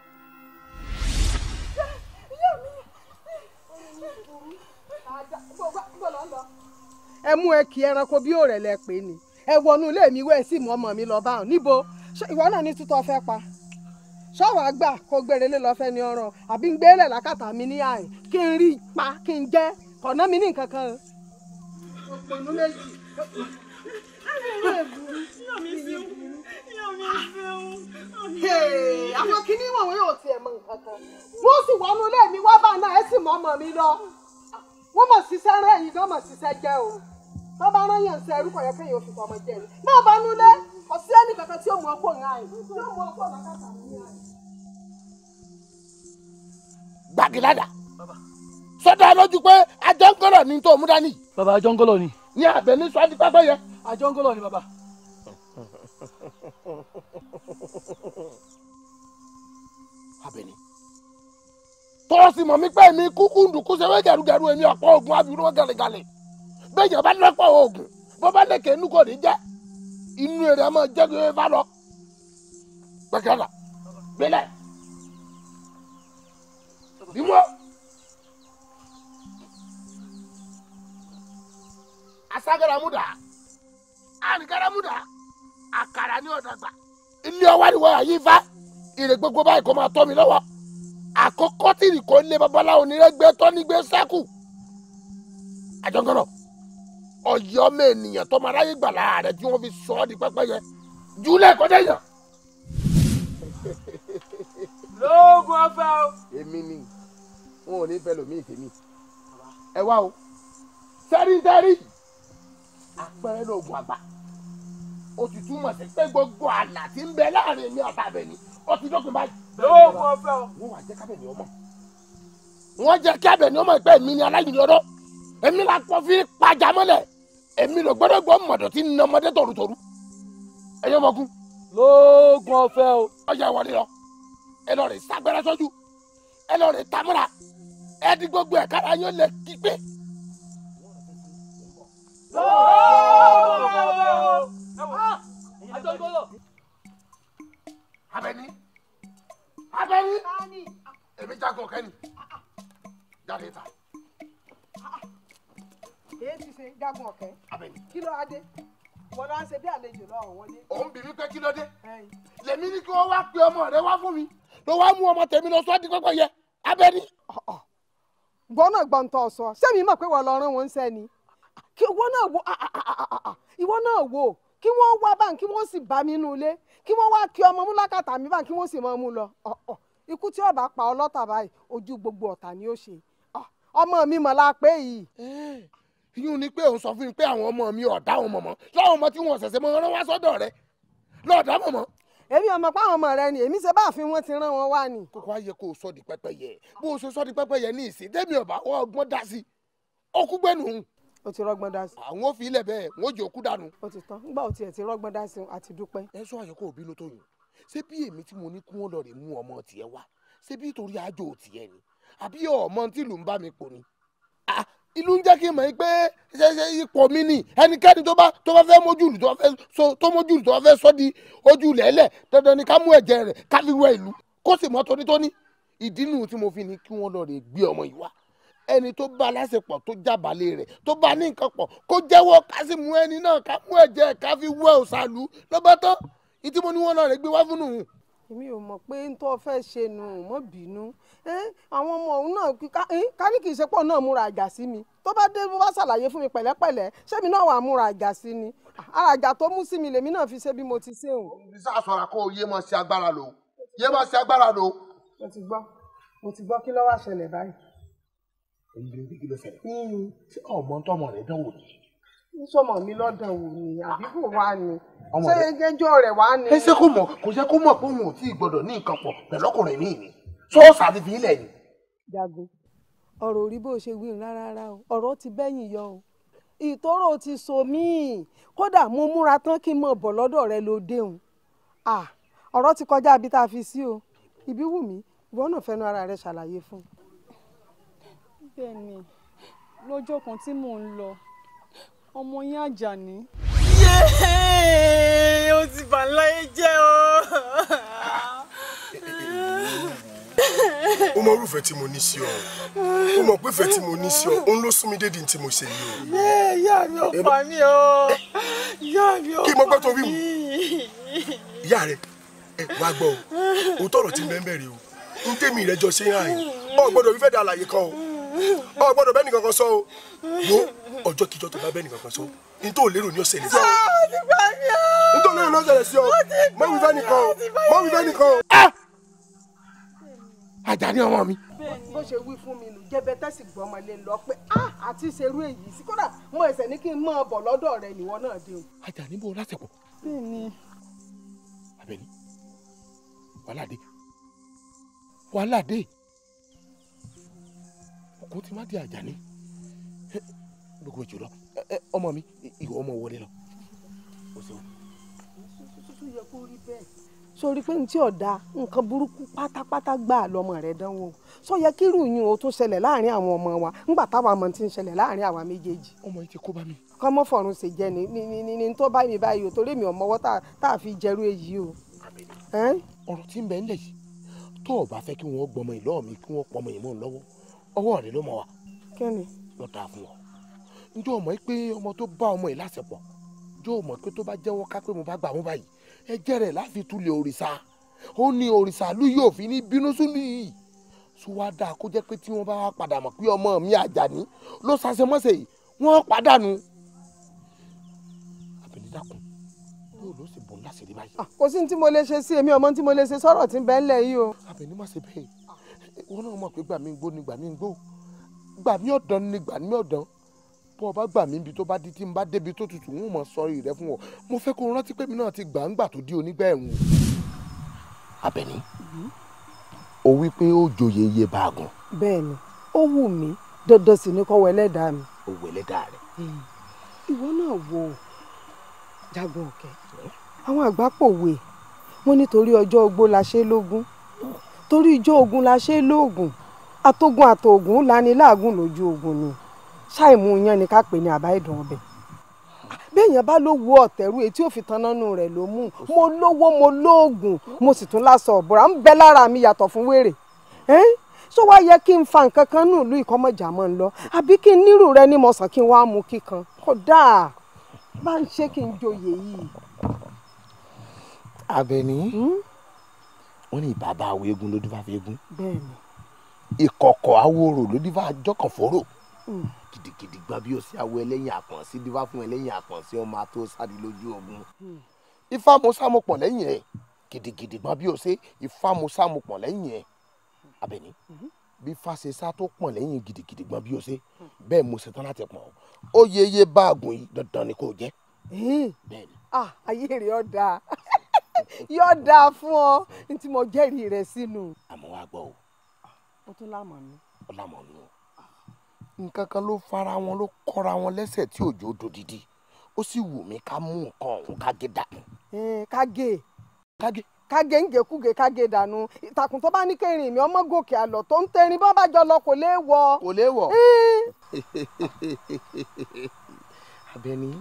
ẹ mú ẹ kí ẹranko bí òrẹ̀lẹ̀ ni ẹ wọnú ilé mi wẹ́ẹ̀ sì mú ọmọ mi lọ báwọn níbo ìwọ náà ní tútọ́ sọ̀rọ̀ àgbà kò gbèrè lé lọ́fẹ́ ni ọ̀rọ̀ àbí ń gbélé làkàtà mi kí n rí pa kí n jẹ́ mi ní nǹkan kan. àwọn kìíní mọ nǹkan kan wọ́n sì wọnú ilé mi wá bá náà ẹ sì mọ ọmọ mi lọ wọ́n o rán yàn kò sí ẹnì kankan tí ó mú ọkọ ọ̀ràn àyè tí ó mú ọkọ ọ̀ràn kàkà ní àyè. gbàgìládà sọdọ lójú pé ajọngọlọ ni tó mú dání. bàbá ajọngọlọ ni. ní abẹ ní sọ́ọ́dí pápẹ́ yẹn. ajọngọlọ ni bàbá. abẹni tọ́lọ́ sí mọ̀ mí pé mi kúkú ń dùn kó ṣe wé gẹ̀rúgẹ̀rú èmi ọ̀pọ̀ oògùn abirú gàlẹ́gàlẹ́ bẹ́ẹ̀ yẹn bá lọ́pọ̀ oògùn bó bá lè kéénú kò ní jẹ́ inú rẹ̀ máa jẹ́ tó yẹ bá lọ gbẹ̀gẹ́dà gbẹlẹ̀ bímọ. asagaramuda arigaramuda àkàrà ní ọ̀dàgbà ilé ọwọ́ ni wọ́n yà yí fa ìrè gbogbo báyìí kò máa tọ́ mi lọ́wọ́ àkọ́kọ́ tìrì kò ní babaláwo ní ẹgbẹ́ tọ́ nígbẹ́ sẹ́kù àjọngọ́nà ọ̀yọ́ mọ ènìyàn tọmọ aráyé gbà láàrẹ tí wọ́n fi sọ ọ́ di pẹ́pẹ́yẹ júlẹ̀ kọjá èèyàn. lóògùn ọfẹ o. èmi ni wọn ò ní fẹ́ lòmí ìtẹ̀mí ẹ wá o tẹ́rítẹ́rí àpẹẹrẹ lóògùn àgbà o ti túmọ̀ sí pé gbogbo àlà tí ń bẹ láàrin mi àtàbẹ̀ ni ó ti dókun báyìí. lóògùn ọfẹ o. wọn wà jẹ́ kábẹ̀ ni ọmọ wọn jẹ́ kábẹ̀ ni ọmọ ìpẹ́ mi ni aláìní ọdọ́ èmi là kọ́ fi pàjá mọ́lẹ̀ èmi lọ gbọ́dọ̀ gbọ́ mọ̀dọ̀ tí ń na ọmọdé tọrùtọrù ẹ̀yọ́ ọmọkùn. lóògùn ọ̀fẹ́ o. ọjà ìwọlé lọ ẹ sagbẹrẹ sójú ẹ lọ rè di gbogbo ẹ kára yín ó tó sọ sẹ́mi mọ̀ pé wọ́n lọ rán wọn ṣẹ́ ni ìwọ náà wò ìwọ náà wò kí wọ́n wá báyìí kí wọ́n sì bá mi nínú ilé kí wọ́n wá kí ọmọ mú lákàtà mi báyìí kí wọ́n sì mọ́ mú lọ ikú tí ọba pa ọlọ́tà báyìí ojú gbogbo ọ̀tá ni ó ṣe ọmọ mi mọ̀ la pé yìí. Eh, yíyún ni pé òun sọ fún mi pé àwọn ọmọ mi ọ̀dá òun mọ̀mọ́ láwọn ọmọ tí wọ́n ṣẹ̀ṣẹ̀ mọ́ rán wá èmi ọmọ páwọn ọmọ rẹ ni èmi ṣe bá fi wọn ti rán wọn wá ni. kókó ayé kó o sọ di pẹ́pẹ́yẹ bó o ṣe sọ di pẹ́pẹ́yẹ ní ìsìn tẹ́mi ọba ọgbọ́n dá sí ọkúgbẹ́nu. o ti rọgbọ́n dá sí. àwọn ò fi ilẹ̀ bẹ́ẹ̀ wọ́n jẹ́ òkú dànù. o ti tán nígbà tí ẹ̀ ti rọgbọ́n dá sí àti dúpẹ́. ẹ sọ àyẹ̀kọ́ òbínú tó yùn ṣé bí èmi tí mo ní kí wọ́n lọ rè mú ọmọ tiẹ̀ wá ṣé bí torí àjò tiẹ̀ ni àbí ọmọ tí lù ń bá mi pò ni ah, ìlú ń jẹ́ kí n mọ̀ pé ṣẹṣẹ ipò mi ni ẹnikẹ́ni tó bá tó bá fẹ́ mójú tó bá fẹ́ so tó mójú ìlú tó bá fẹ́ sọ di ojú lẹ́lẹ̀ dandan ni ká mú ẹ̀jẹ̀ rẹ̀ ká fi wẹ ìlú kó sì mọ́ tónítóní ìdí nù tí mo fi ní kí wọ́n lọ rè gbé ọmọ yìí wá ẹni tó bá aláṣepọ̀ tó jábàálẹ̀ rẹ̀ tó bá ní nǹkan pọ̀ kó jẹ́wọ́ ká sì mú ẹni náà ká mú ẹ̀jẹ̀ ká fi wẹ mo ní wọ́n àwọn ọmọ òun náà kárí kì í ṣe pọ̀ náà múra àjà sí mi tó bá dé bó bá ṣàlàyé fún mi pẹ̀lẹ́pẹ̀lẹ́ ṣémi náà wà múra àjà sí ni àràjà tó mú sí mi lèmi náà fi ṣe bí mo ti ṣe òun. ní sàṣọra kó yé máa ṣe agbára lò yé máa ṣe agbára lò. mo ti gbọ́ mo ti gbọ́ kí ló wá ṣẹlẹ̀ báyìí. èyí ló ń bí kí ló ṣẹlẹ̀. Hmm. ṣé ọmọ tọmọ rẹ dánwò ni. ń sọmọ mi lọ́dọ̀ wò ni àbíkò wá ni ṣé ẹjọ́ rẹ̀ wá ni. ẹ ṣe kó mọ̀ kò ṣe kó mọ̀ pé òun ò tí ì gbọ́dọ̀ ní nǹkan pọ̀ pẹ̀lọ́kùnrin míì ni tó sàbí fi ilẹ̀ yìí. jago ọ̀rọ̀ orí bó ṣe wí rárá rárá o ọ̀rọ̀ ti bẹ́yìn yọ o ìtòrò ti so míì kódà mo múra tán kí n mọ̀ bọ̀ lọ́dọ̀ rẹ ló déhùn ọ̀rọ̀ ti kọjá ibi tá a fi sí o ibi wù mí ìwọ náà fẹnu ara rẹ ṣàlàyé fún. bẹ́ẹ̀ni lọ́jọ́ kan tí mò ń lọ ọmọ yín Àjàní. yéé o ti bà ń láyé jẹ́ o. ó mọ orúfẹ́ tí mo ní sí ọ ó mọ pé fẹ́ tí mo ní sí ọ òun ló sún mi dédì tí mo ṣe yìí o. ìyá mi ò pa mí o ìyá mi ò pa mí. kí mo gbọ́ tó wí mu ìyá rẹ ẹ wá gbọ́ o òótọ́ ọ̀rọ̀ ti mẹ́mẹ́ rè o ń tèmi rẹ jọ ṣe ń hàn yín o gbọ́dọ̀ fífẹ́ da àlàyé kan o o gbọ́dọ̀ bẹ́ẹ̀ nìkan kan sọ o wo ọjọ́ kíjọ́ tó bá bẹ́ẹ̀ nìkan kan sọ n tó lérò ní ọ̀sẹ̀ lè sọ. n tó lérò ní ọ̀sẹ̀ lè sọ mọ̀ wífẹ́ nìkan o mọ̀ wífẹ́ nìkan o. Ah! Àjàní ọmọ mi. bó ṣe wí fún mi nù jẹbẹtẹ sì gbọ́ ọmọ ilé lọ pé a àti ìṣerú èyí sí kódà mo ẹsẹ̀ ní kí n mọ̀ bọ̀ lọ́dọ̀ rẹ nìwọ náà dé o. Àjàní bó o lásìkò. bẹ́ẹ̀ni. Àbẹ̀ní wàhálà dé wàhálà dé òkú ti má di Àjàní gbogbo jùlọ ọmọ mi ìwọ ọmọ wọlé lọ. o ṣeun. sọ yẹ kó rí bẹ́ẹ̀ sórí pé ní tí ọ̀dà nǹkan burúkú pátápátá gbà lọ́mọ rẹ̀ dánwò sọ yẹ kí ròyìn o tún ṣẹlẹ̀ láàrin àwọn ọmọ wa ńgbà táwa ọmọ ti ń ṣẹlẹ̀ láàrin àwa méjèèjì. ọmọ yìí ti kó bá mi. kọ́mọ fọ̀run ṣe jẹ ni ni ni tó bá mi báyìí o torí mi ò mọwọ́ tá a fi jẹrú èyí o. ọ̀rọ̀ tí ń bẹ nílẹ̀ yìí tó o bá fẹ́ kí wọ́n gbọmọ ìlọ́ mi kí wọ́n pọmọ ìmọ̀ lọ́wọ́ ọwọ́ rẹ ló mọ wa. kẹ́ni. lọ dáa fún ọ njọ́ mọ̀ pé ọmọ tó bá ọmọ yìí láṣepọ̀ njọ́ mọ̀ pé tó ẹ̀jẹ̀ rẹ̀ láfi túlẹ̀ òrìṣà ó ní òrìṣà ló yóò fi ní bínú sùn yìí sùwádà kó jẹ́ pé tí wọ́n bá padà mọ̀ pé ọmọ mi àjàní ló ṣàṣẹ mọ́ṣẹ́ yìí wọ́n pàdánù. àbẹ̀lẹ̀ dàkún yóò ló sì bọ̀ láṣìírí báyìí. Ah, kò sí ní tí mo lè ṣe sí èmi ọmọ tí mo lè ṣe sọ̀rọ̀ tí ń bẹ ńlẹ̀ yìí o. àbẹ̀lẹ̀ má ṣe bẹ́ẹ̀ wọn náà mọ̀ pé gbà mí ń gbó ni gbà mí ń gbó gbà mí ọ̀dàn ni gbà mí ọ̀dàn bọ́ ọ bá gbà mí ibi tó bá di tí n bá débi tó tutù n ó mọ̀ sọrí rẹ fún ọ mo fẹ́ kó rántí pé mi náà ti gbàǹgbà tó di onígbà ẹ̀rùn. Àbẹ̀ní o wí pé ó joyè iye báàgùn. bẹ́ẹ̀ni ó wù mí dandan sì ni kó wọ ẹlẹ́dàá mi. o wọ ẹlẹ́dàá rẹ. Hmm. ìwọ náà wo jagun ọkẹ hmm. àwọn àgbà pòwe wọn nítorí ọjọ́ ogbó la ṣe lógún torí ijó ogun la ṣe lóògùn àtogun àtògùn lani láàgùn lójú ogun ni ṣàìmú yan ni ká pè ní àbá ìdùn ọbẹ̀ béèyàn bá lówó ọ̀tẹ̀rú etí ò fi tanánú rẹ̀ ló mú mo lówó mo lóògùn mo sì tún lásọ ọ̀bùrà ń bẹ lára mi yàtọ̀ fún wèrè ṣó wá yẹ kí n fa nǹkan kan nù ìlú ìkọ́mọ̀jà mọ́ ń lọ àbí kí n nírú rẹ ní mọ̀sán kí n wá mú kíkan kódà bá ń ṣe kí n joyè yìí. Àbẹ̀ní hmm? wọ́n ní bàbá àwọn eégún ló dín fà fi eégún ìkọ̀kọ̀ awòrò ló dín fà jọkàn fòrò. Mm gidigidi gba bí òsì awo ẹlẹ́yìn àkànṣí dífá fún ẹlẹ́yìn àkànṣí ọmọ ató sáde lójú ogun ifá hmm. mo sá mo pọ̀ lẹ́yìn ẹ̀ gidigidi gba bí òsì ifá mo sá mo pọ̀ lẹ́yìn ẹ̀ abẹ́ni hmm. bí fásesá tó pọ̀ lẹ́yìn gidigidi gba bí òsì bẹ́ẹ̀ mo ṣetán láti pọ̀ ó yeye báàgùn yìí dandan ni kò jẹ́ hmm. bẹ́ẹ̀ni. Ah, ayé rẹ̀ ọ̀ dáa yóò dáa <laughs> fún ọ ní tí mo jẹ́rìí rẹ̀ sínú. àmọ́ wá gbọ́ o. o tún lámọ̀ mi nǹkan kan ló fara wọn ló kọra wọn lẹ́sẹ̀ tí òjò dòdìdì ó sì wù mí ká mú nǹkan ọ̀hún kágé dànù. kágé kágé kágé ń gèkúgè kágé dànù ìtàkùn tó bá ní kẹrin mi ọmọ gòkè àlọ tó ń tẹrin bá bá jọ lọ kò lè wọ. kò lè wọ. Àbẹ̀ní <laughs>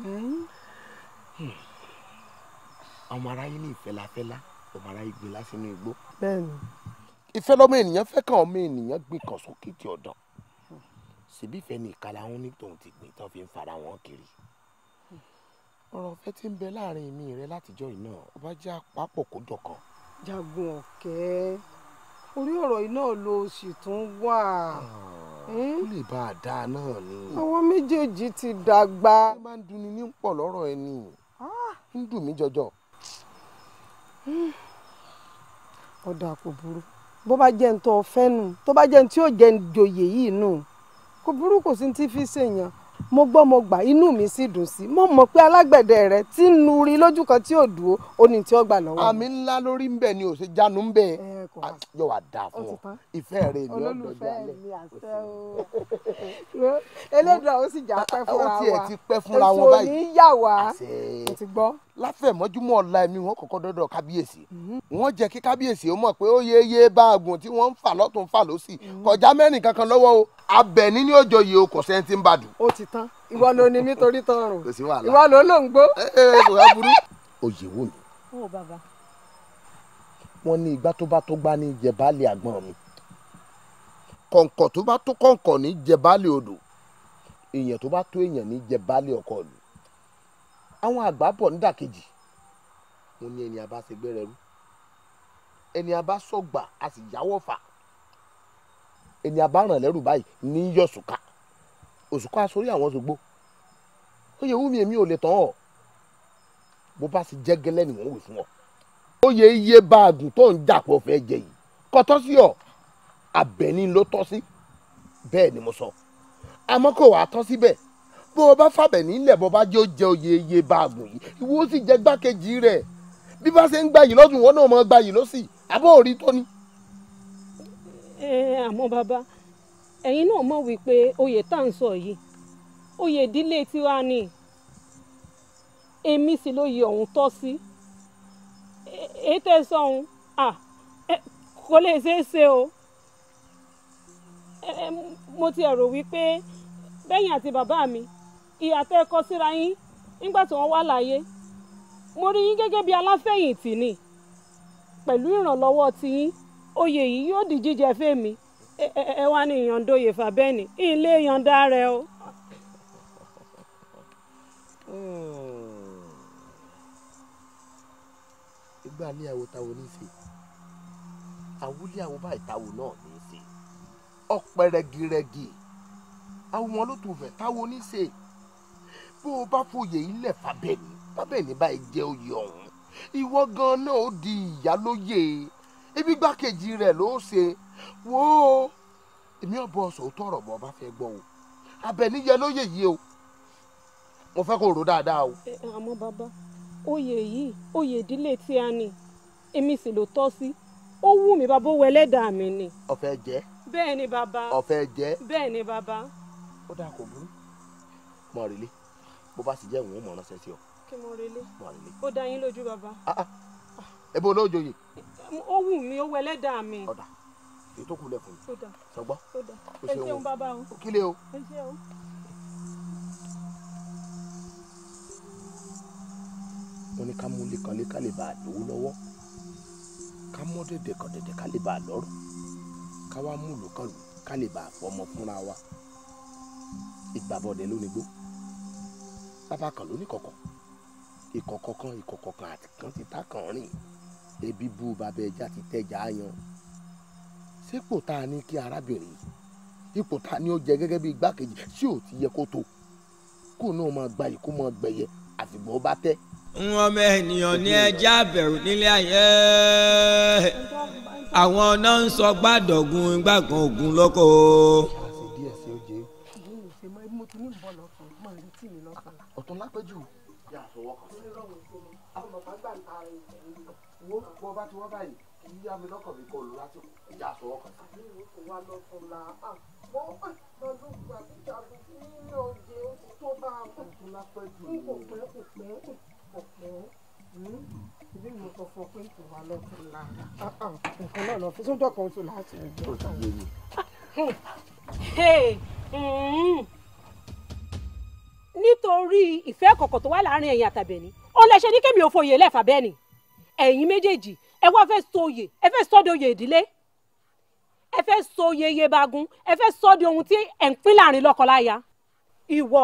ọmọ aráyé ní ìfẹ́lafẹ́lá ọmọ aráyé gbé lásìnú igbó. ìfẹ́ lọ́mọ ènìyàn fẹ́ kàn ọmọ ènìyàn gbé kàn sókè tí ọ̀dàn ṣebí ìfẹ́ ní ìkàlà wọn nítorí ti gbìn tán fi ń fara wọn kiri ọ̀rọ̀ ọ̀fẹ́ tí ń bẹ láàrin mi rẹ látijọ́ yìí náà bá já papọ̀ kó dọ̀kan. jagun ọ̀kẹ́ orí ọ̀rọ̀ yìí ló sì tún wà. Ah, hmm? ó lè bá a dá a náà ni. àwọn méjèèjì ti dàgbà. ó máa ń dunni ní pọ̀ lọ́rọ̀ ẹni ah! ń dùn mí jọjọ. ọ̀dà hmm. kò burú bó bá jẹ́ ń tọ́ fẹ́ nù tó bá jẹ́ ń tí yóò jẹ́ ń joyè yìí nù. No kò burú kò sí ti fi ṣèyàn mo gbọ́ mo gbà inú mi sì dùn sí mo mọ̀ pé alágbẹ̀dẹ rẹ ti ń nu rí lójú kan tí ò dúró ó ní tí ó gbà lọ́wọ́. àmì ńlá lórí ń bẹ ni ò ṣe jánu ń bẹ yóò wá dáa fún ọ ìfẹ́ rẹ ni ó dọ̀jọ́ alẹ́ Elédùà ó sì já pẹ́ fúnra wa ó tiẹ̀ ti pẹ́ fúnra wọn báyìí èso ní yà wá ó ti gbọ́. láfẹ̀mọ́júmọ́ ọ̀la ẹ̀mí wọn kọ́kọ́ dọ́dọ̀ kábíyèsí mm-hmm. wọn jẹ́ kí kábíyèsí ó mọ̀ pé ó yẹ yé báàgùn tí wọ́n ń fà lọ́tún fà lọ́sì mm-hmm. kọjá mẹ́rin kankan lọ́wọ́ o abẹ́ni ní òjò yìí o kò sẹ́ni tí ń bàdùn. ó ti tán kan ìwọ ló ní mí torí tọrùn ìwọ ló ló ń gbó. kò wá burú. oyè wò mí. o bàbá. wọ́n ní igbá tó bá tó gbá ní jẹ̀bálẹ̀ àgbọn mi kọ̀ǹkọ̀ tó bá tó kọ̀ǹkọ̀ ní jẹ̀bálẹ̀ odò èèyàn tó bá tó èèyàn ní jẹ̀bálẹ̀ ọkọ̀ lù àwọn àgbà bọ̀ nídàkejì mo ní ẹni abá ṣe gbẹ́rẹ́ rú ẹni abá sọ̀gbà a sì yáwọ́ fà ẹni abá ràn lẹ́rù báyìí ní yọ̀sùn òṣùkọ́ asorí àwọn ṣògbó oyè wúmi èmi ò lè tán ọ bó bá sì jẹ́ gẹ́lẹ́ ni wọ́n wì fún ọ. oyè iye báàgùn tó ń dàpọ̀ fẹ́ jẹ yìí kọ́tọ́ sí ọ àbẹ̀ni ló tọ́ sí bẹ́ẹ̀ ni mo sọ àmọ́ kò wá tọ́ síbẹ̀ bó o bá fàbẹ̀ nílẹ̀ bó o bá jẹ́ ó jẹ oyè iye báàgùn yìí ìwọ ó sì jẹ́ gbákejì rẹ̀ bí bá ṣe ń gbà yìí lọ́dún wọn náà mọ̀ gbà yìí lọ́sì àbọ̀ òrí tó ni. ẹ àmọ́ bàbá ẹ̀yin náà mọ̀ wípé oyè tá à ń sọ yìí oyè ìdílé tiwa ni èmi sì lóye ọ̀hún tọ́ sí èyí tẹ́ sọ ọ̀hún kò lè ṣeé ṣe o mo ti ẹ̀rọ wípé bẹ́yìn àti bàbá mi ìyá tẹ́ kọ síra yín nígbà tí wọ́n wà láyé mo rí yín gẹ́gẹ́ bí aláfẹ̀yìntì ni pẹ̀lú ìrànlọ́wọ́ tiyín oyè yìí yóò di jíjẹ fẹ́mi ẹ wá ní ìyọ̀ǹda oyè fàbẹ́ẹ̀nì ilé ìyọ̀ǹda rẹ o. Hmm. ìgbà ní àwo táwo ní í ṣe àwúlé àwo báyìí táwo náà ní í ṣe ọ̀pẹ rẹgirẹgi àwọn olótùfẹ táwo ní bó o bá fòye ilẹ̀ fàbẹ́ẹ̀nì fàbẹ́ẹ̀nì báyìí jẹ́ oyè ọ̀hún ìwọ gan náà ó di ìyálóyè ibi gbákejì rẹ̀ ló ń ṣe wò ó èmi ọ̀bọ sòótọ́ ọ̀rọ̀ bọ̀ ọba fẹ́ gbọ́ o abẹniyẹ lóye yìí o mo fẹ́ kó rò dáadáa o. àmọ́ bàbá oyè yìí oyè ìdílé tí a ní èmi sì ló tọ́ sí ó wù mí bàbá ó wọ ẹlẹ́dàá mi ni. ọ̀fẹ́ jẹ́. bẹ́ẹ̀ ni bàbá. ọ̀fẹ́ jẹ́. bẹ́ẹ̀ ni bàbá. ó dáa kò burú mọ̀ rẹ́lẹ́ bó bá sì jẹ́ ìwọ̀n ó mọ̀ ránṣẹ́ sí ọ. kí mo rẹ́lẹ́. mọ̀ rẹ́lẹ́. ó dá yín lójú bàbá. ẹ ah, ah. bó lójoyè dákun ó wù mí ó wọ ẹlẹ́dàá mi. ọ̀dà èyí tó kù lẹ̀ fún mi sọgbọ́ o ṣeun bàbá o kí lè o. wọ́n ní ká mú lẹ́kànlé ká lè bá a lówó lọ́wọ́ ká mọ́ dẹ̀dẹ̀ kan dẹ̀dẹ̀ ká lè bá a lọ́rùn ká wá mú lùkànlù ká lè bá a fọmọ fúnra wa ìgbàbọ̀dẹ̀ ló gbó bàbá kan ló ní kọ̀kọ̀ ìkọ̀kọ̀ kan ìkọ̀kọ̀ kan àti kan ti ta kàn rìn ebi bú bàbá ẹja ti tẹja yan sípò tá a ní kí arábìnrin ipò tá a ní ó jẹ gẹ́gẹ́ bí igbákejì tí ò ti yẹ kó tó kó náà máa gba ìkó máa gbẹ̀yẹ àfìgbọ́ bá tẹ́. ń ọmọ ènìyàn ní ẹja bẹ̀rù nílé ayé àwọn náà ń sọ gbàdọ̀gùn gbàgàn ògùn lọ́kọ̀ọ́. lọ́wọ́ báyìí kì í yá mi lọ́kàn mi kọ́ ló láti ìjà sọ ọkàn. àbí kò wá lọ fún la àmọ́ lọ́dún gbà tíjà lọ sí nílé oúnjẹ ó ti tó bá a mọ̀. kò pẹ́ kò pẹ́ kò pẹ́ kò hmm? pẹ́ ibi mo sọ fún ọ pé kò wá lọ fún la nǹkan náà lọ fún sójú ọkàn oṣù láti ẹgbẹ́ ọ̀hún nítorí ìfẹ́ kọ̀kọ̀ tó wà láàrin ẹ̀yin àtàbẹ̀ni ó lè ní kémi ò fòye lẹ́fà bẹ́ẹ̀ ni ẹ̀yin méjèèjì ẹ wá fẹ́ sọyè ẹ fẹ́ sọ di oyè ìdílé ẹ fẹ́ sọyè Yebagun ẹ fẹ́ sọ di ohun tí ẹ̀ ń pín láàrin lọ́kọláya ìwọ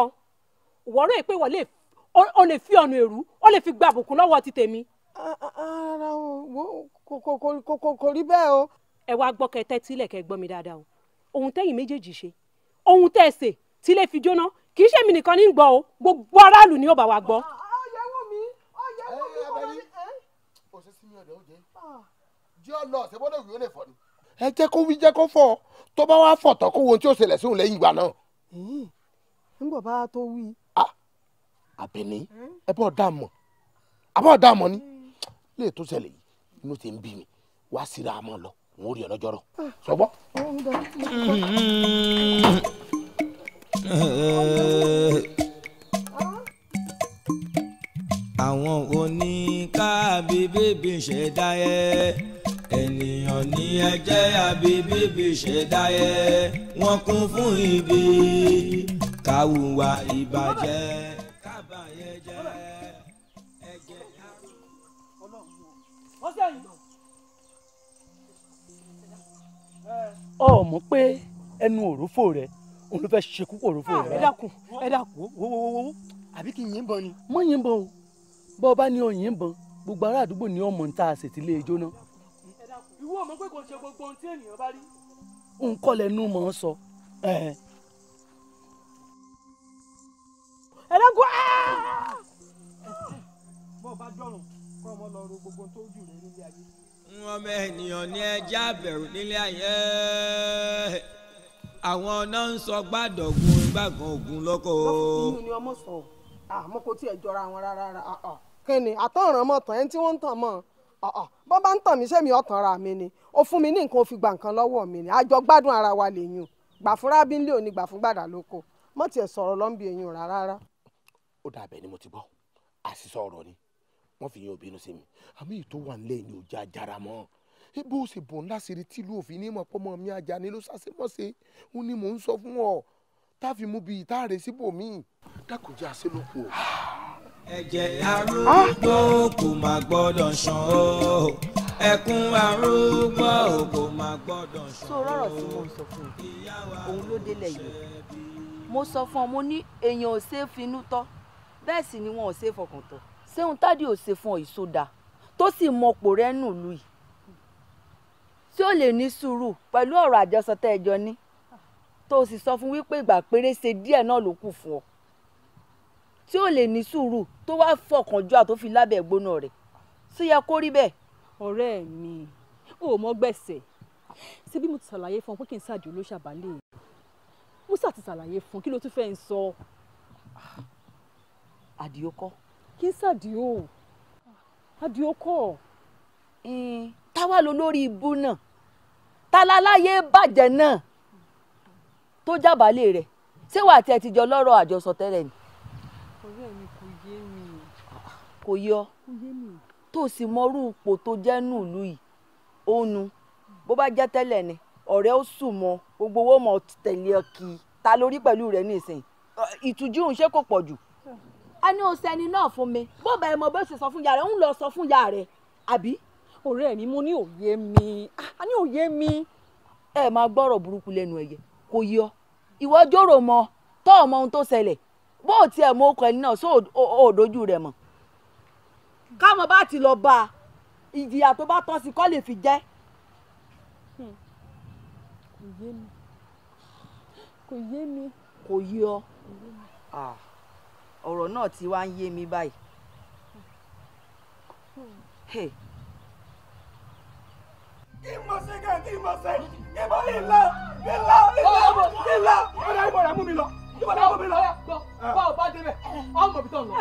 ìwọ rẹ̀ pé ìwọ lè o lè fi ọ̀nà èrú o lè fi gba àbùkù lọ́wọ́ ti tèmi. ara o kò rí bẹ́ẹ̀ o. ẹ wá gbọ́ kẹ tẹ́tí ilẹ̀ kẹ gbọ́ mi dáadáa o ohun tẹ́yìn méjèèjì ṣe ohun tẹ́ ẹ ṣe tílé fi jóná kì í ṣèmi nìkan ní gbọ́ o gbogbo aráàlú ni ó bá wa gbọ́. Ah. rẹ̀ ó jẹ́ ah, jẹ́ ọ lọ ṣẹ́bọ́n lè wí ó lè fọ́ ni. ẹ jẹ́ kó wí jẹ́ kó fọ́ tó bá wá fọ̀ tán kó wo tí ó ṣẹlẹ̀ síhùn lẹ́yìn ìgbà náà. nígbà bá a tó wí. Ah, àbẹ̀ní ẹ bọ́ dá mọ̀ àbọ̀ dá mọ̀ ni lè tó ṣẹlẹ̀ yìí inú ti ń bí mi wá síra mọ́ lọ n ó rí ọ lọ́jọ́ rọ̀ sọ́gbọ́. Uh àwọn oníká bíbí ṣẹ̀dá ẹ̀ ènìyàn ní ẹ̀jẹ̀ àbíbí ṣẹ̀dá ẹ̀ wọ́n kún fún ibi káwùwà ìbàjẹ́ kábàyẹ̀ ẹ̀jẹ̀ àbíbí. ọ mọ̀ pé ẹnu òrófò rẹ òun ló fẹ́ ṣekú òrófò rẹ. ẹ dákun ẹ dákun wo wo wo àbí kí n yín bọ ni. mọ yín bọ o bọ́ ọ bá ní oyin bọ́n gbogbo ará àdúgbò ní ọmọ ń ta àṣetìlé ijó e náà. ìwọ ọmọ pé kò ṣe gbogbo ohun tí ènìyàn bá rí. ń kọ́ lẹ́nu mọ̀ ọ́n sọ. ẹ dàpọ̀ bọ́ ọ bá dọ̀rùn kọ́ ọmọ lọ ro gbogbo tó jù rẹ nílé ayé. ọmọ ènìyàn ní ẹja bẹ̀rù nílé ayé àwọn náà ń sọ gbàdọ̀gùn gbàgàn ògùn lọ́kọ̀ọ́. inú ni ọmọ sọ àmọ́ kò tiẹ̀ jọra wọn rárá kíni àtọ̀ràn mọ̀ tán ẹni tí wọ́n ń tàn mọ́ ọ̀ọ́ bọ́ bá ń tàn mí sẹ́mi ọ̀tàn ra mi ni ó fún mi ní nǹkan ó fi gba nǹkan lọ́wọ́ mi ni àjọ gbádùn ara wa lèyìn o gbà fún rábílẹ̀ òní gbà fún gbàdà lóko mọ̀ tiẹ̀ sọ̀rọ̀ lọ́nbi èyí ò rárá. ó dàbẹ̀ ni mo ti gbọ́ àṣìṣọ ọ̀rọ̀ ni wọ́n fi yín òbínú sí mi àmì ìtò wà ń lẹ́yìn òjò àjàrà mọ́ bó o sì bùn láṣìírí tìlú òfin ní mọ̀ pọ́mọ mi ajá ni ló ṣàṣemọ́ṣe ó ní mò ń sọ fún ọ táfi mú bíi táàrẹ̀ síbòmíì dákòjá sílùkù o ẹ̀jẹ̀ arúgbó ah. kò má gbọ́dọ̀ ṣàn ó ẹkún arúgbó kò má gbọ́dọ̀ ṣàn ó. so rọrọ tí mo sọ fún un òun ló délẹ̀ yìí mo sọ fún ọ mo ní èèyàn ò ṣeé finú tọ́ bẹ́ẹ̀ sì ni wọn ò ṣeé fọkàn tọ́ ṣéun tádì ò ṣe fún ọ ìsódà tó sì mọ̀pọ̀ rẹ̀ nù lù yìí tí ó lè ní sùúrù pẹ̀lú ọ̀rọ̀ àjọsọ tẹ́ ẹ jọ ní tó o sì sọ fún wípé ìgbà péré ṣe díẹ̀ náà ló kù fún ọ tí ò lè ní sùúrù tó wá fọkànjúà tó fi lábẹ́ gbóná rẹ̀ sí yẹ kó rí bẹ́ẹ̀. ọ̀rẹ́ mi ò mọ gbẹ̀sẹ̀ ṣé bí mo ti ṣàlàyé fún ọ pé kí n ṣáàjò ló ṣàbálẹ̀ musa ti ṣàlàyé fún kí ló tún fẹ́ ń sọ. àdìo kọ́. kí n ṣàdìo àdìo kọ́. táwa ló lórí ibú náà talaláyé bàjẹ́ náà tó jábàálẹ̀ rẹ̀ ṣé wàá tiẹ̀ ti jọ lọ́rọ̀ àjọsọ tẹ́lẹ̀ ni ọ̀rẹ́ mi kò yé mi. kò yọ tó sì mọrú ipò tó jẹ́ nùlù yìí ó nu bó bá jẹ́ tẹ́lẹ̀ ni ọ̀rẹ́ ó sùn mọ́ gbogbo owó mọ̀ tẹ̀lé ọ kì í ta lórí pẹ̀lú rẹ̀ nísìnyí ìtújú ń ṣe kò pọ̀ jù. a ní o sẹni náà fún mi bó bá ẹ mọ bó ṣe sọ fún yàrá ń lọ sọ fún yàrá rẹ àbí. ọ̀rẹ́ mi mo ní òye mi a ní òye mi. ẹ máa gbọ́rọ̀ burúkú lẹ́nu ẹ̀yẹ kò yọ ìwọ jòrò tọ́ ọmọ ohun tó ṣẹlẹ̀ bó o tiẹ̀ mọ ọkọ ẹni náà só òdojú rẹ̀ mọ̀ káwọn bá ti lọ bá ìjìyà tó bá tọ́ sí kọ́ lè fi jẹ́. kò yé mi kò yé mi. kò yé ọ ọ̀rọ̀ náà ti wá ń yé mi báyìí. Hey ìmọ̀sẹ̀ kẹ́hìn tí ìmọ̀sẹ̀ ìmọ̀lẹ̀ ńlá ńlá ńlá ńlá ọ̀dà ìmọ̀ràn mú mi lọ báwo báwo báwo bá débẹ̀ ọmọ bí tọ̀ lọ.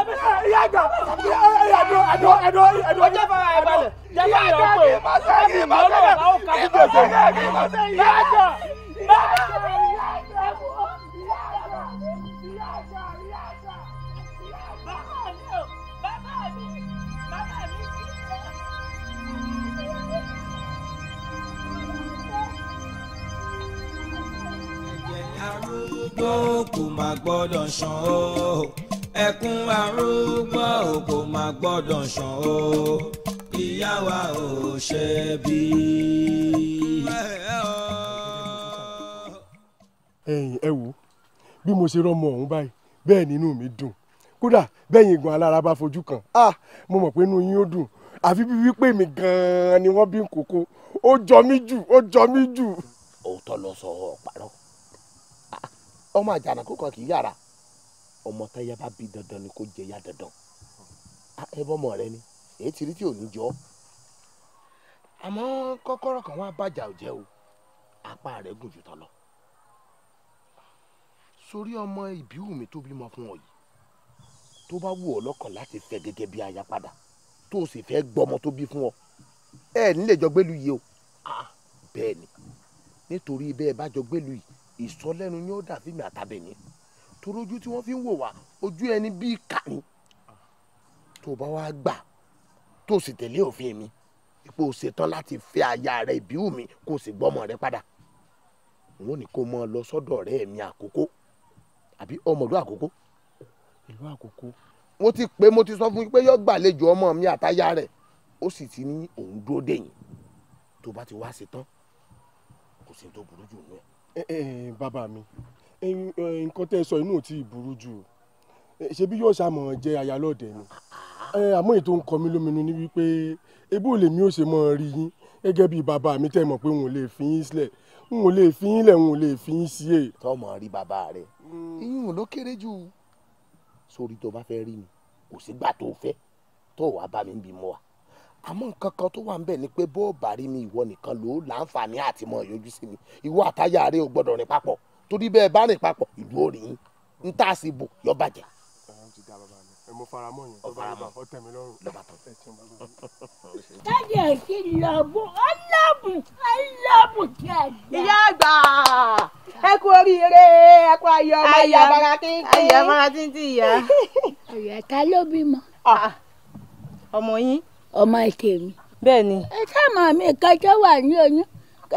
ìyá àgbà ẹ̀dọ́ ẹ̀dọ́ ẹ̀dọ́ ẹ̀dọ́ ọjọ́ fara ẹ̀ balẹ̀ jẹ́gbẹ́ ìyá ọ̀pọ̀ ẹ̀ kì í mọ́lẹ̀ kì í mọ́lẹ̀ kì í mọ́lẹ̀ ìyá àgbà. arúgbó kò má gbọ́dọ̀ ṣàn o ẹkún arúgbó kò má gbọ́dọ̀ ṣàn o ìyá wa ò ṣẹ̀bi. ẹ̀yin ẹ wo bí mo ṣe rọmọ ọ̀hún báyìí bẹ́ẹ̀ nínú mi dùn kódà bẹ́yìn igun alára bá fojú kan ah mo mọ̀ pé inú yín ó dùn àfi bí wípé mi gan-an ni wọ́n bí ń kókó ó jọ mí jù ó jọ mí jù. òótọ́ ló sọ ọ́ parọ́ ọmọ àjànàkú kan kì í yàrá ọmọ táyà bá bí dandan ni kò jẹ ya dandan ẹ bọ́mọ rẹ ni èyí ti rí tí ò ní jọ àmọ́ kọ́kọ́rọ́ kan wá bàjá ò jẹ́ o apá rẹ̀ gùn jù tán lọ sórí ọmọ ìbíwù mi tó bímọ fún ọ yìí tó bá wù ọ lọ́kàn láti fẹ́ gẹ́gẹ́ bí aya padà tó o sì fẹ́ gbọ́mọ tó bí fún ọ ẹ nílẹ̀ jọ gbẹ́lu yìí o bẹ́ẹ̀ ni nítorí bẹ́ẹ̀ bá jọ gbẹ́lu yìí ìsọlẹ́nu ni ó dà fíìmù àtàbẹ̀ni torí ojú tí wọ́n fi ń wò wá ojú ẹni bíi kà ní tó bá wá gbà tó sì tẹ̀lé òfin mi ipò ṣetán láti fẹ́ aya rẹ ìbíwù mi kó o sì gbọ́mọ rẹ padà wọn ni kó mọ lọ sọ́dọ̀ ọ̀rẹ́ mi àkókò àbí ọmọdé àkókò. ìlú àkókò. mo ti pé mo ti sọ fún yín pé yọ gbàlejò ọmọ mi àtaya rẹ ó sì ti ní òun dúró dẹ̀yìn tó bá ti wá ṣetán kò sí tó burú jù nù ẹ. Eh, eh, eh, bàbá mi nǹkan tẹ́ ẹ sọ inú ò tí ì burú jù ṣebí yóò ṣàmọ̀ jẹ́ ayálọ́ọ̀dẹ ni àmọ́ èyí tó ń kọ mí lóminú ni wípé ebó lèmi ò ṣe mọ́ rí yín gẹ́gẹ́ bí bàbá mi tẹ́ mọ̀ pé n ò lè fi yín sílẹ̀ n ò lè fi yín lẹ̀ n ò lè fi yín sí è. tọmọ rí bàbá rẹ iyún hmm. ló kéré jù sórí tó bá fẹ́ rí mi kò sígbà tó fẹ́ tó wàá bá mi bímọ wa àmọ́ nǹkan kan tó wà ń bẹ̀ ni pé bó bá rí mi ìwọ nìkan ló láǹfààní àti mọ sí mi ìwọ àtàyà rẹ ò gbọdọ̀ rìn papọ̀ torí bẹ́ẹ̀ bá rìn papọ̀ ìlú ò rí yín ń tà sí ibò yọ bàjẹ́. mo fara mọ́ yẹn tó yẹn ọ tẹ́ mi lọ́rùn. dáàdì ẹ̀ kí n ọlọ́bù ọlọ́bù ìyá àgbà ẹ kú oríire ẹ kú ọmọ ìyá ta <laughs> ọmọ tèmi. bẹ́ẹ̀ni. ẹ sáàmù mi kan tó wà ní oyún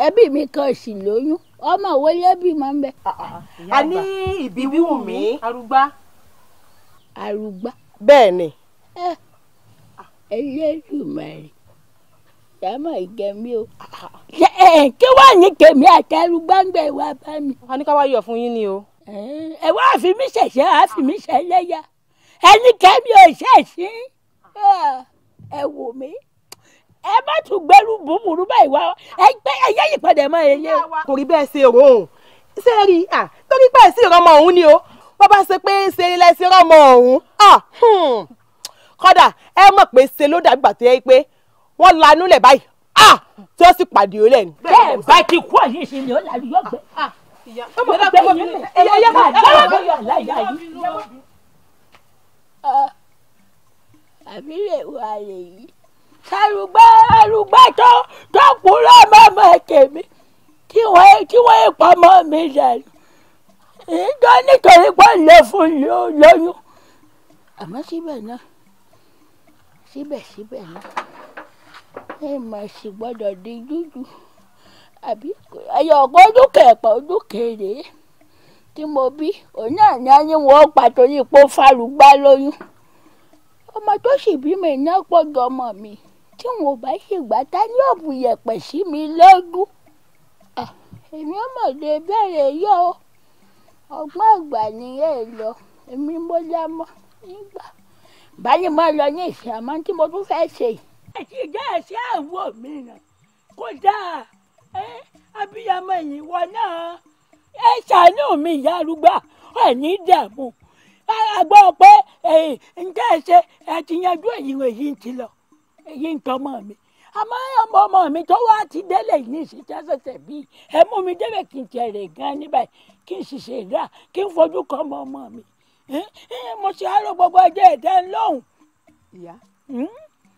ẹbí mi kan sì lóyún ọmọ wo lẹbí máa ń bẹ. a ní ìbí wù mí arúgbá. arúgbá. bẹ́ẹ̀ni. ẹ Elédùmarè sàmọ ìgẹmí o kí wàá ní tèmi àtàrúgbá ń gbẹ wá bá mi. a ní ká wá yọ fún yín ni o. ẹ wá fi mí ṣẹ̀ṣẹ̀ àá fi mí ṣẹlẹ́yà ẹnikẹ́ni ò ṣẹ̀ṣin ẹ wò mí ẹ má tún gbẹrú búburú báyìí wá ẹ gbẹ ẹyẹ yìí padà mọ ẹyẹ. kò rí bẹ́ẹ̀ ṣe rò ó ṣé rí i torí pé ẹ̀sìn ìrọmọ òun ni o bó bá ṣe pé ṣe lẹ́sìn ìrọmọ òun kódà ẹ mọ̀ pé ṣe ló dàbí bàtà yẹ pé wọ́n lanú lẹ̀ báyìí tí ó sì pàdé ó lẹ́nu. bẹ́ẹ̀ bá ti kú ọ̀yìn ṣe ni ó làrí yóò gbẹ. ọmọ gbẹ yín lẹ ẹyẹ yẹ bá a dáwọ́ bá yọ àlá ìyá yìí àbílẹ̀ wa lèyí sàrùgbẹ́ àrùgbẹ́ tó tó kúrò mọ́mọ́ tèmi kí wọ́n kí wọ́n pamọ́ mi dànù ìjọ nítorí pé lè fún lóyún àmọ́ síbẹ̀ náà síbẹ̀síbẹ̀ náà ẹ mà sì gbọ́dọ̀ di dúdú àbí ẹyọ ọ̀pọ̀ ojú kẹ̀pọ̀ ojú kéré tí mo bí òun náà ní wọn pa torí pé ó fàrùgbá lóyún ọmọ tó sì bímọ iná gbọ́dọ̀ ọmọ mi tí n ò bá ṣègbà ta ní òbú yẹ̀pẹ̀ sí mi lọ́dún èmi ọmọ lè bẹ̀rẹ̀ yọ ọ ọgbọ́n àgbà nìyẹn lọ èmi mo já mọ́ nígbà báyìí mo lọ ní ìsìn àmọ́ tí mo tún fẹ́ ṣe. ẹ̀sìn ìjà ẹ̀sìn àwọn mìíràn kò dáa abiyamọ ìyìnwọ náà ẹ ṣàánú mi ìyá arúgbó ẹ̀ ní dààmú. gbọ́ pé nǹkan ẹ̀ ṣe ẹ̀ ti yanjú èyí èyí ń ti lọ èyí mi àmọ́ ọmọ ọmọ mi tó wá ti délé ní ìṣiṣẹ́ ṣẹ̀ṣẹ̀ bíi ẹ mú mi débẹ̀ kí n gan níbẹ̀ kí n ṣiṣẹ́ rà kí n fojú kọ ọmọ ọmọ mi mo ṣe gbogbo ọjọ́ ẹ̀dá lóhùn. ìyá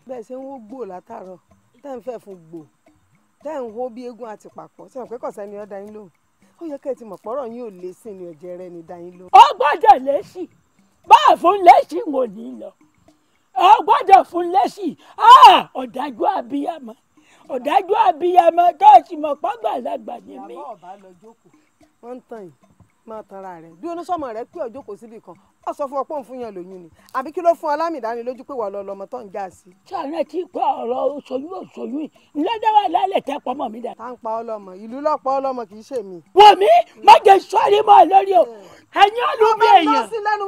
bẹ́ẹ̀ ṣe ń gbò bá a fún lẹ́sìn wò ní lọ ọ gbọ́dọ̀ fún lẹ́sìn ah! ọ̀dájú abiyamọ ọ̀dájú abiyamọ tó o sì mọ̀ pọ́gbà lágbàdì mi. wọ́n ń tàn yìí má tanra rẹ bí onísọmọ rẹ pé ọjọ́ kò síbi kan ó sọ fún ọ pé òun lóyún ni àbí kí ló fún ọ lámì ìdánilójú pé wà lọ lọmọ tó ń já sí. sàrẹ tí pa ọ̀rọ̀ ṣoyún òṣoyún ńlọdẹwà lálẹ́ tẹ pọmọ mi dà. tá ń pa ọlọmọ ìlú lọpọ ọlọmọ kì í ṣe mi. wò mí má jẹ sọrí mọ lórí o ẹyin olùgbé èèyàn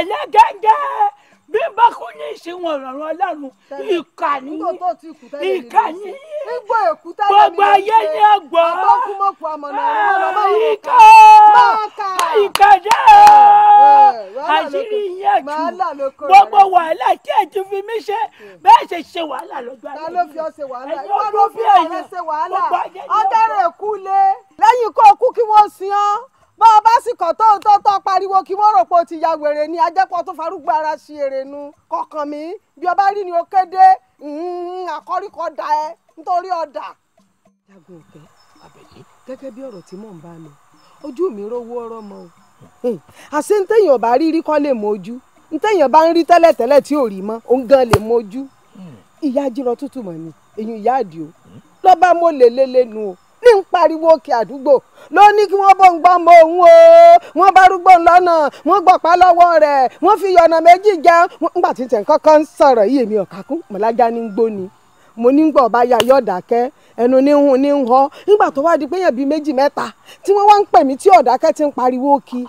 ọlẹgẹgẹ bí bá kú ní ìṣẹ́wọ̀n ọ̀rọ̀ ọlọ́run ìkànnì ìkànnì gbogbo ayé ni ẹ gbọ́ ìkà ìkàdé àṣírí yẹn jù gbogbo wàhálà tí ẹ ti fi mí ṣe bẹ́ẹ̀ ṣe ṣe wàhálà lọ́jọ́ àná. ta ló fi ọ ṣe wàhálà ìwọ ló fi ẹ̀yìn ṣe wàhálà ọ̀dẹ́rẹ̀ kú lé lẹ́yìn kó kú kí wọ́n sin ọ́. bọ́ ọ bá sì kọ̀ tó tó tó pariwo kí wọ́n o ti ya wèrè ni ajẹ́pọ̀ tó farúgbó ara ṣe èrè nu kọkàn mi bí ọba rí ni o kéde àkọ́ríkọ́ da ẹ nítorí ọ̀dà. jagun òkè gẹ́gẹ́ bá rí kọ́ lè mójú ń tẹ̀yàn bá ń rí tẹ́lẹ̀tẹ́lẹ̀ tí ò rí mọ́ gan lè hmm. ìyá jírọ tútù mọ̀ ni èyí ìyá àdìo hmm. lọ́ba mo lè o ń pariwo òkè àdúgbò ló ní kí wọ́n bó ń gbọ́ ọmọ òun o wọ́n bá rúgbó lọ́nà wọ́n gbọ̀pá lọ́wọ́ rẹ̀ wọ́n fi yọ̀nà méjì jẹun nígbà tí tẹ̀ ń kọ́kọ́ ń sọ̀rọ̀ yìí èmi ọ̀kákún mọ̀lájà ní mo ní gbọ́ ọba ya yọ̀ ẹnu ní hun ní nígbà tó wá di pé yẹn bíi méjì mẹ́ta tí wọ́n wá ń pè mí tí ọ̀dákẹ́ ti ń pariwo kí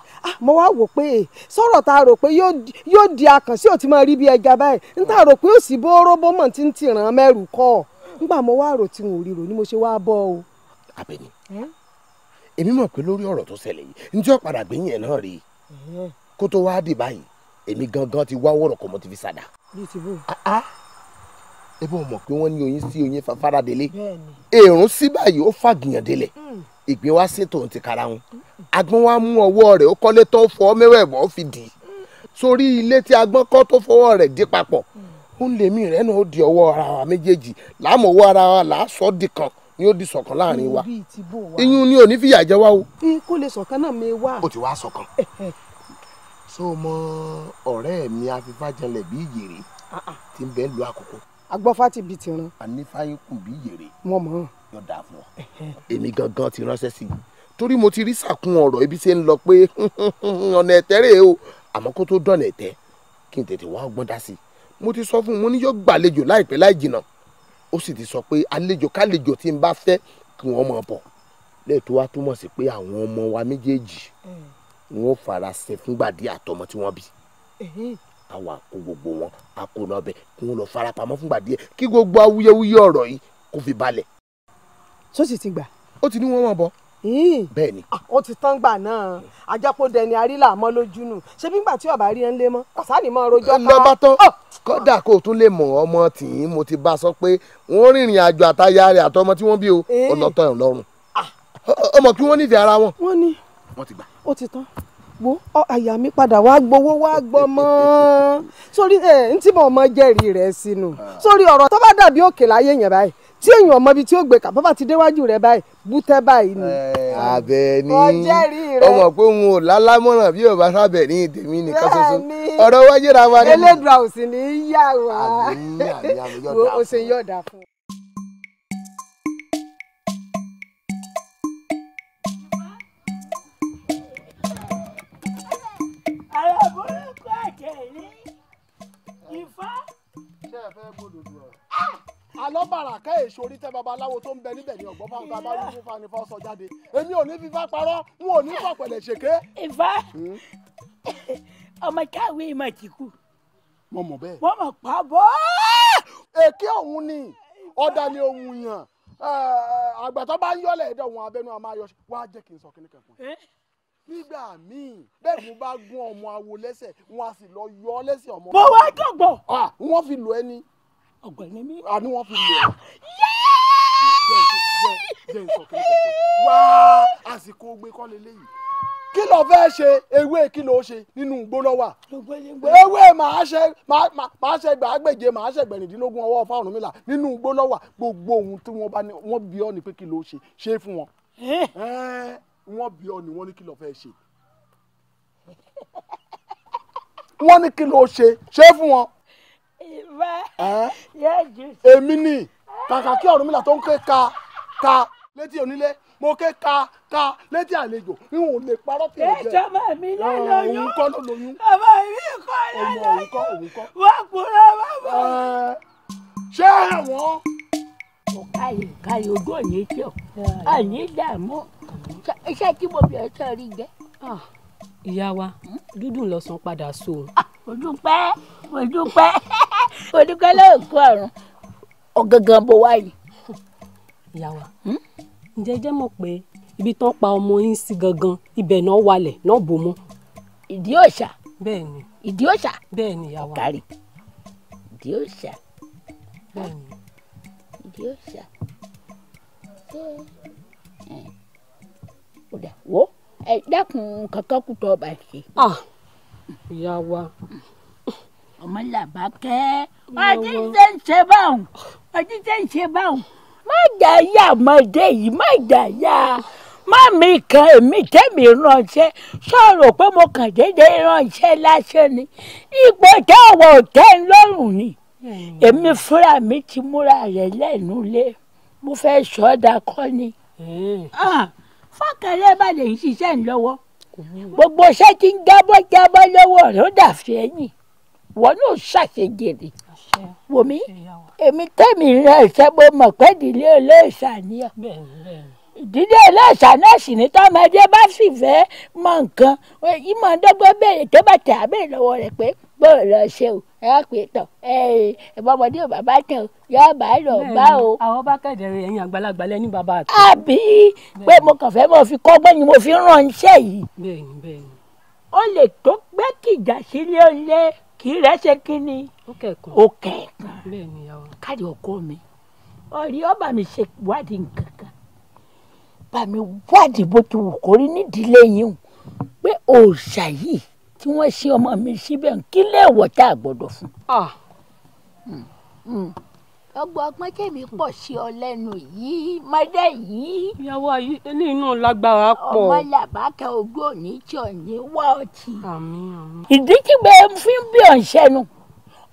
mo rò pé yóò di òtí máa rí bí ẹja báyìí n Àbẹ̀ní hmm? èmi mọ̀ pé lórí ọ̀rọ̀ tó ṣẹlẹ̀ yìí ní tí ó padà gbé yẹn náà rèé hmm. kó tó wáá dì báyìí èmi gangan ti wá wọ̀rọ̀ kọ́ mọ́ ti fi ṣàdá. bíi ti bò. ebi ò mọ̀ pé wọ́n ní oyin sí oyin fara délé èrún sí báyìí ó fàgìyàn délẹ̀ hmm. ìgbín wá sí tòun ti kara wọn agbọ́n wa mú ọwọ́ rẹ̀ ó kọ́lé tó fọ́ mẹ́wẹ̀ẹ̀wọ́ fi dì í sórí ilé tí agbọ́n kọ́ tó fọwọ́ rẹ̀ dí papọ̀ ó ń lèmi rẹ̀ náà ó di ọwọ́ ara wa méjèèjì láàmú ọwọ́ ara wa làásọ̀ dì kan ni ó di ṣọ̀kan láàrin wa iyún ni ò ní fìyà jẹ wá o. kó lè ṣọ̀kan náà mi wá. o ti wá ṣọ̀kan so <laughs> mọ ọ̀rẹ́ mi afifájẹlẹ̀ bí yèrè ah, ah. tí ń bẹ lu àkókò. agbọ́fá ti bi tiran. anífáyín kù bí yèrè. wọn mọ. yọ dà fún ọ. èmi gangan ti ránṣẹ́ sí i torí mo ti rí sàkún ọ̀rọ̀ ibi ṣe ń lọ pé <laughs> ọ̀nà ẹ̀tẹ́ rèé o àmọ́ kó tó dọ̀nà ẹ̀tẹ́ kí n tètè wá ọgbọ́n dá sí i mo ti sọ fún un mo ní yóò gbàlejò láìpẹ́ láì ó sì ti sọ pé àlejò kálejò tí n bá fẹ́ kí wọ́n mọ̀ bọ̀ lẹ́ẹ̀tọ́ wa túmọ̀ sí pé àwọn ọmọ wa méjèèjì ni wọ́n fara sin fúngbà díẹ̀ àtọmọ tí wọ́n bí àwa kó gbogbo wọn a kó lọ bẹ kí wọ́n lọ fara pamọ́ fúngbà díẹ̀ kí gbogbo awuyewuye ọ̀rọ̀ yìí kó fi balẹ̀. sọ́sì ti gbà. ó ti ní wọ́n mọ̀ bọ́. Hmm. bẹ́ẹ̀ ni. Ah, ó ti tán gbà náà ajápọ̀dẹ ni arílà mọ́ lójú nù ṣé bígbà tí ọba rí ẹ ń lé mọ́ kọ̀sánì mọ́ rojọ́ ká. lọ́ba tán ah! kódà kó o tún lè mọ̀ ọmọ tì í mo ti bá a sọ pé wọ́n rìnrìn àjò àtayá rẹ̀ àtọmọ tí wọ́n bí o ọlọ́tọ̀ eh. ẹ̀ lọ́rùn ọmọ ah! kí wọ́n nídìí ara wọn. wọ́n ní wọ́n ti gbà. ó ti tán wo àyà mi padà wá gbowó wá gbọmọ <laughs> sórí ẹ ntí mo mọ jẹrìí rẹ sínú ah. sórí ọ̀rọ̀ tó bá dàbí òkè láyé yẹn báyìí tí èèyàn mọ ibi tí ó gbé kà bàbá ti déwájú rẹ báyìí bútẹ báyìí ni. Eh, ah. àbẹ ni ọmọ pé òun ò lálámọ̀ràn bí ò bá sábẹ̀ ní tèmi nìkan ṣoṣo ọ̀rọ̀ wájú ra wa ni. elédùn àwòsàn ni yà wá o ṣe yọ̀ọ̀dà fún. burúkú àjẹrí Ifá. ṣé ẹ fẹ́ gbọ́dọ̀ dùn ọ́. àlọ́ bàràká èso orí tẹ babaláwo tó ń bẹ níbẹ̀ ni ọ̀gbọ́n fáwọn bàbá rúkú fani fọ́ sọ jáde èmi ò ní fífá parọ́ n ò ní pọ̀pẹ̀lẹ̀ ṣèké. Ifá ọmọ káwé mà ti kú. mo mọ̀ bẹ́ẹ̀. wọ́n mọ̀ pa bọ́. èké òun ni ọ̀dàlẹ̀ òun yàn àgbàtọ́ bá ń yọlẹ̀ ẹ̀dọ̀ wọn abẹ́nú àmọ́ ayọ̀ wá jẹ́ kí n sọ kíní kankan nígbà míì bẹ́ẹ̀ mo bá gún ọmọ awo lẹ́sẹ̀ wọn a sì lọ yọ ọ lẹ́sẹ̀ ọmọ. mo wá gbọ̀gbọ̀. Ah, wọ́n fi lọ ẹni. ọ̀gbọ̀n ni mí. àní ah, wọ́n fi lọ ẹ. jẹ́ nsọ kẹ́kẹ́ wá àsìkò ogbe kọ́ leléyìí kí ló fẹ́ ṣe ewé kí ló ṣe nínú igbó lọ́wà ewé màá ṣe màá ṣe gbàgbèje màá ṣe gbẹ̀rìndínlógún ọwọ́ fáwọn mi là nínú igbó lọ́wà gbogbo ohun tí wọ́n bí ọ ni pé kí ló ṣe ṣe fún wọn. Eh? Eh? wọ́n bí ọ ni wọ́n ní kí ló fẹ́ ṣe <laughs> wọ́n ní kí ló ṣe ṣe fún wọn. ìbá yẹ jù. èmi ni kàkà kí Ọ̀rúnmìlà tó ń ké ka ka létí onílé mo ké ka ka létí àlejò n ò lè parọ́ kí o jẹ. ẹjọ́ bá mi lọ lóyún òun kọ́ ló lóyún. bàbá mi kọ́ ló lóyún wọ́n kúrò bàbá. ṣé ẹ̀wọ̀n. ọ̀ka yìí ká yóò gbọ́ ní tí ọ̀ àní dààmú iṣẹ́ tí mo bẹ̀rẹ̀ tẹ́ rí jẹ́. Ah, ìyá wa dúdùn lọ́sàn padà so. òdùpẹ́ ah, òdùpẹ́ òdùpẹ́ lóòkú ọ̀run ọ̀gàngàn bò wá yìí. ìyá wa hmm? ǹjẹ́ jẹ́ mọ̀ pé ibi tán pa ọmọ yín sí gangan ibẹ̀ náà walẹ̀ náà bò mọ́. ìdí òòṣà. bẹ́ẹ̀ ni. ìdí òòṣà. bẹ́ẹ̀ ni ìyá wa. kárí ìdí òòṣà. bẹ́ẹ̀ ni. ìdí òòṣà. bẹ́ẹ̀ ọ̀dà wo ẹ dákun kankan kú tọ́ ọba ṣe. ìyá wa. ọmọ làbá kẹ́ ọtí ṣe ń ṣe báwọn ọtí ṣe ń ṣe báwọn. má jà yá ọmọdé yìí má jà yá mọ́mí kan èmi tẹ́mi ránṣẹ́ sọ̀rọ̀ pé mo kàn déédéé ránṣẹ́ lásán ni ipò táwọn ọ̀tẹ́ ń lọ́rùn ni hmm. èmi fúnra mi ti múra rẹ̀ lẹ́nu lé mo fẹ́ sọ́dà kọ́ ni. Eh. Ah, fọkànlẹ́ balẹ̀ ń ṣiṣẹ́ ń lọ́wọ́ gbogbo iṣẹ́ tí ń jábọ́ jábọ́ lọ́wọ́ rẹ̀ ó dàfi ẹ̀yìn wọn náà ṣàṣejèrè wòmí èmi tẹ́mi rẹ̀ ṣe mo mọ̀ pé ìdílé olóòṣà ni ọ ìdílé olóòṣà sì ní tọ́mọdé bá sì fẹ́ mọ nǹkan ìmọ̀ ọ̀dọ́gbọ́n bèrè tó bàtà àbẹ̀rẹ̀ lọ́wọ́ rẹ̀ pé bóòlù ọ̀ṣẹ́ o ẹ á pè tán ẹ̀gbọ́n ọmọdé ò bàbá tán o yóò bá lọ bá o. àwọn bá kẹ̀dẹ̀ rẹ̀ ẹ̀yin àgbàlagbà lẹ́ni bàbá àti. àbí pé mo kàn fẹ́ mo fi kọ́gbọ́n ni mo fi ràn iṣẹ́ yìí. bẹ́ẹ̀ni bẹ́ẹ̀ni. ó lè tó gbé kìjà sílé olé kì í rẹ́ṣẹ̀ kí ni. ó kẹ̀kan ó kẹ̀kan. bẹ́ẹ̀ni yàwó. káàdì ọkọ mi ọ̀rí ọba mi ṣe wádìí nǹkan kan bá mi wádìí bó ti wù kórí nídìílé yìí pé òòṣà yìí tí wọ́n ṣe ọmọ mi síbẹ̀ kí lẹ́wọ̀ tá a gbọ́dọ̀ fún. ọgbọ́n hmm, hmm. ọgbọ́n tèmi pọ̀ sí ọ lẹ́nu yìí mọ́dẹ yìí. ìyàwó ayé ilé iná lágbára pọ̀. ọmọ làbákẹ́ ogún òní tí ò ní wọ́ọ̀tì. ìdí tí bẹ́ẹ̀ fi ń bí ọ̀ ń ṣẹnu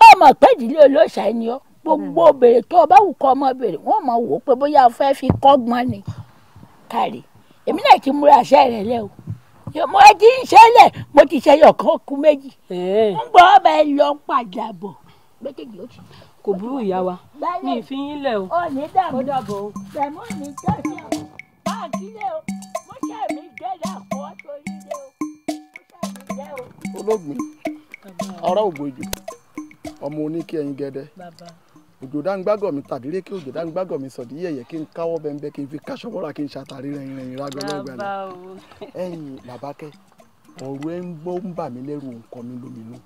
ọmọ pẹ́ẹ́dìlé olóṣà ni ọ́ gbogbo obìnrin tó o bá wù kọ́ ọmọ obìnrin wọ́n mọ̀ wò ó pé bóyá o fẹ́ fi kọ́gbọ́n ni kárí èmi náà ti múra iṣẹ́ rẹ̀ lẹ́wọ̀ mo ti ń ṣẹlẹ̀ mo ti ṣe ọ̀kan kú méjì ń gbọ́ ọba ẹ lọ padà bọ̀ méjèèjì ó ti. kò burú ìyá wa mi ì fi yín lẹ̀ o ó dàbọ̀ o. bẹ̀mú mi tọ́jú ọ̀ báàkì o mo ṣe mi gẹ́lẹ́ àpò torí lé o mo ṣe mi gẹ́ o. olóògbé ọ̀rọ̀ ògbójú ọmọ oníkẹ́ gẹ́dẹ́ òjò dáńgbágọ̀ mi tàbí rékè òjò dáńgbágọ̀ mi sọ̀dí yẹ̀yẹ̀ kí n káwọ́ bẹ́ńbẹ́ kí n fi kaṣọ mọ́ra kí n ṣàtàrí rẹ̀yìn rẹ̀yìn rágbẹ́lọ́gbẹ́lá ẹ̀yìn làbákẹ́ ọ̀rọ̀ ẹ̀ ń gbọ́ ń bà mí lẹ́rù nǹkan mi lóminú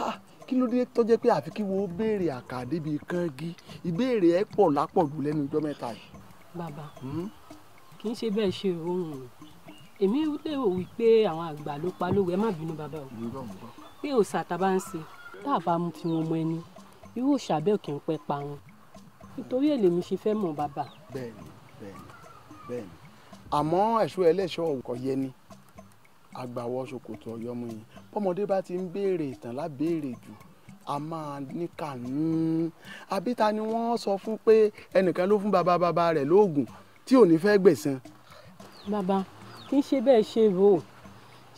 ah, kí ló dé tó jẹ́ pé àfi kí wo béèrè àkàdé bíi kángi ìbéèrè ẹ̀ pọ̀ lápọ̀jù lẹ́nu ọjọ́ mẹ́ta yìí. bàbá hmm? kì í ṣe bẹ́ẹ̀ ṣe òun irú òòṣà bẹ́ẹ̀ kì í pẹ́ parun nítorí èlé mi ṣe fẹ́ mọ̀ bàbá. bẹ́ẹ̀ni bẹ́ẹ̀ni bẹ́ẹ̀ni àmọ́ ẹ̀ṣọ́ ẹlẹ́ṣọ́ ọkọ̀ yẹni àgbàwọ ṣòkòtò ọyọmọ yìí bọ́mọdé bá ti ń béèrè ìtàn lábéèrè jù a máa ní kànú àbí ta ni wọ́n sọ fún pé ẹnìkan ló fún bàbá bàbá rẹ̀ lóògùn tí ò ní fẹ́ gbẹ̀san. bàbá kì í ṣe bẹ́ẹ̀ ṣe rò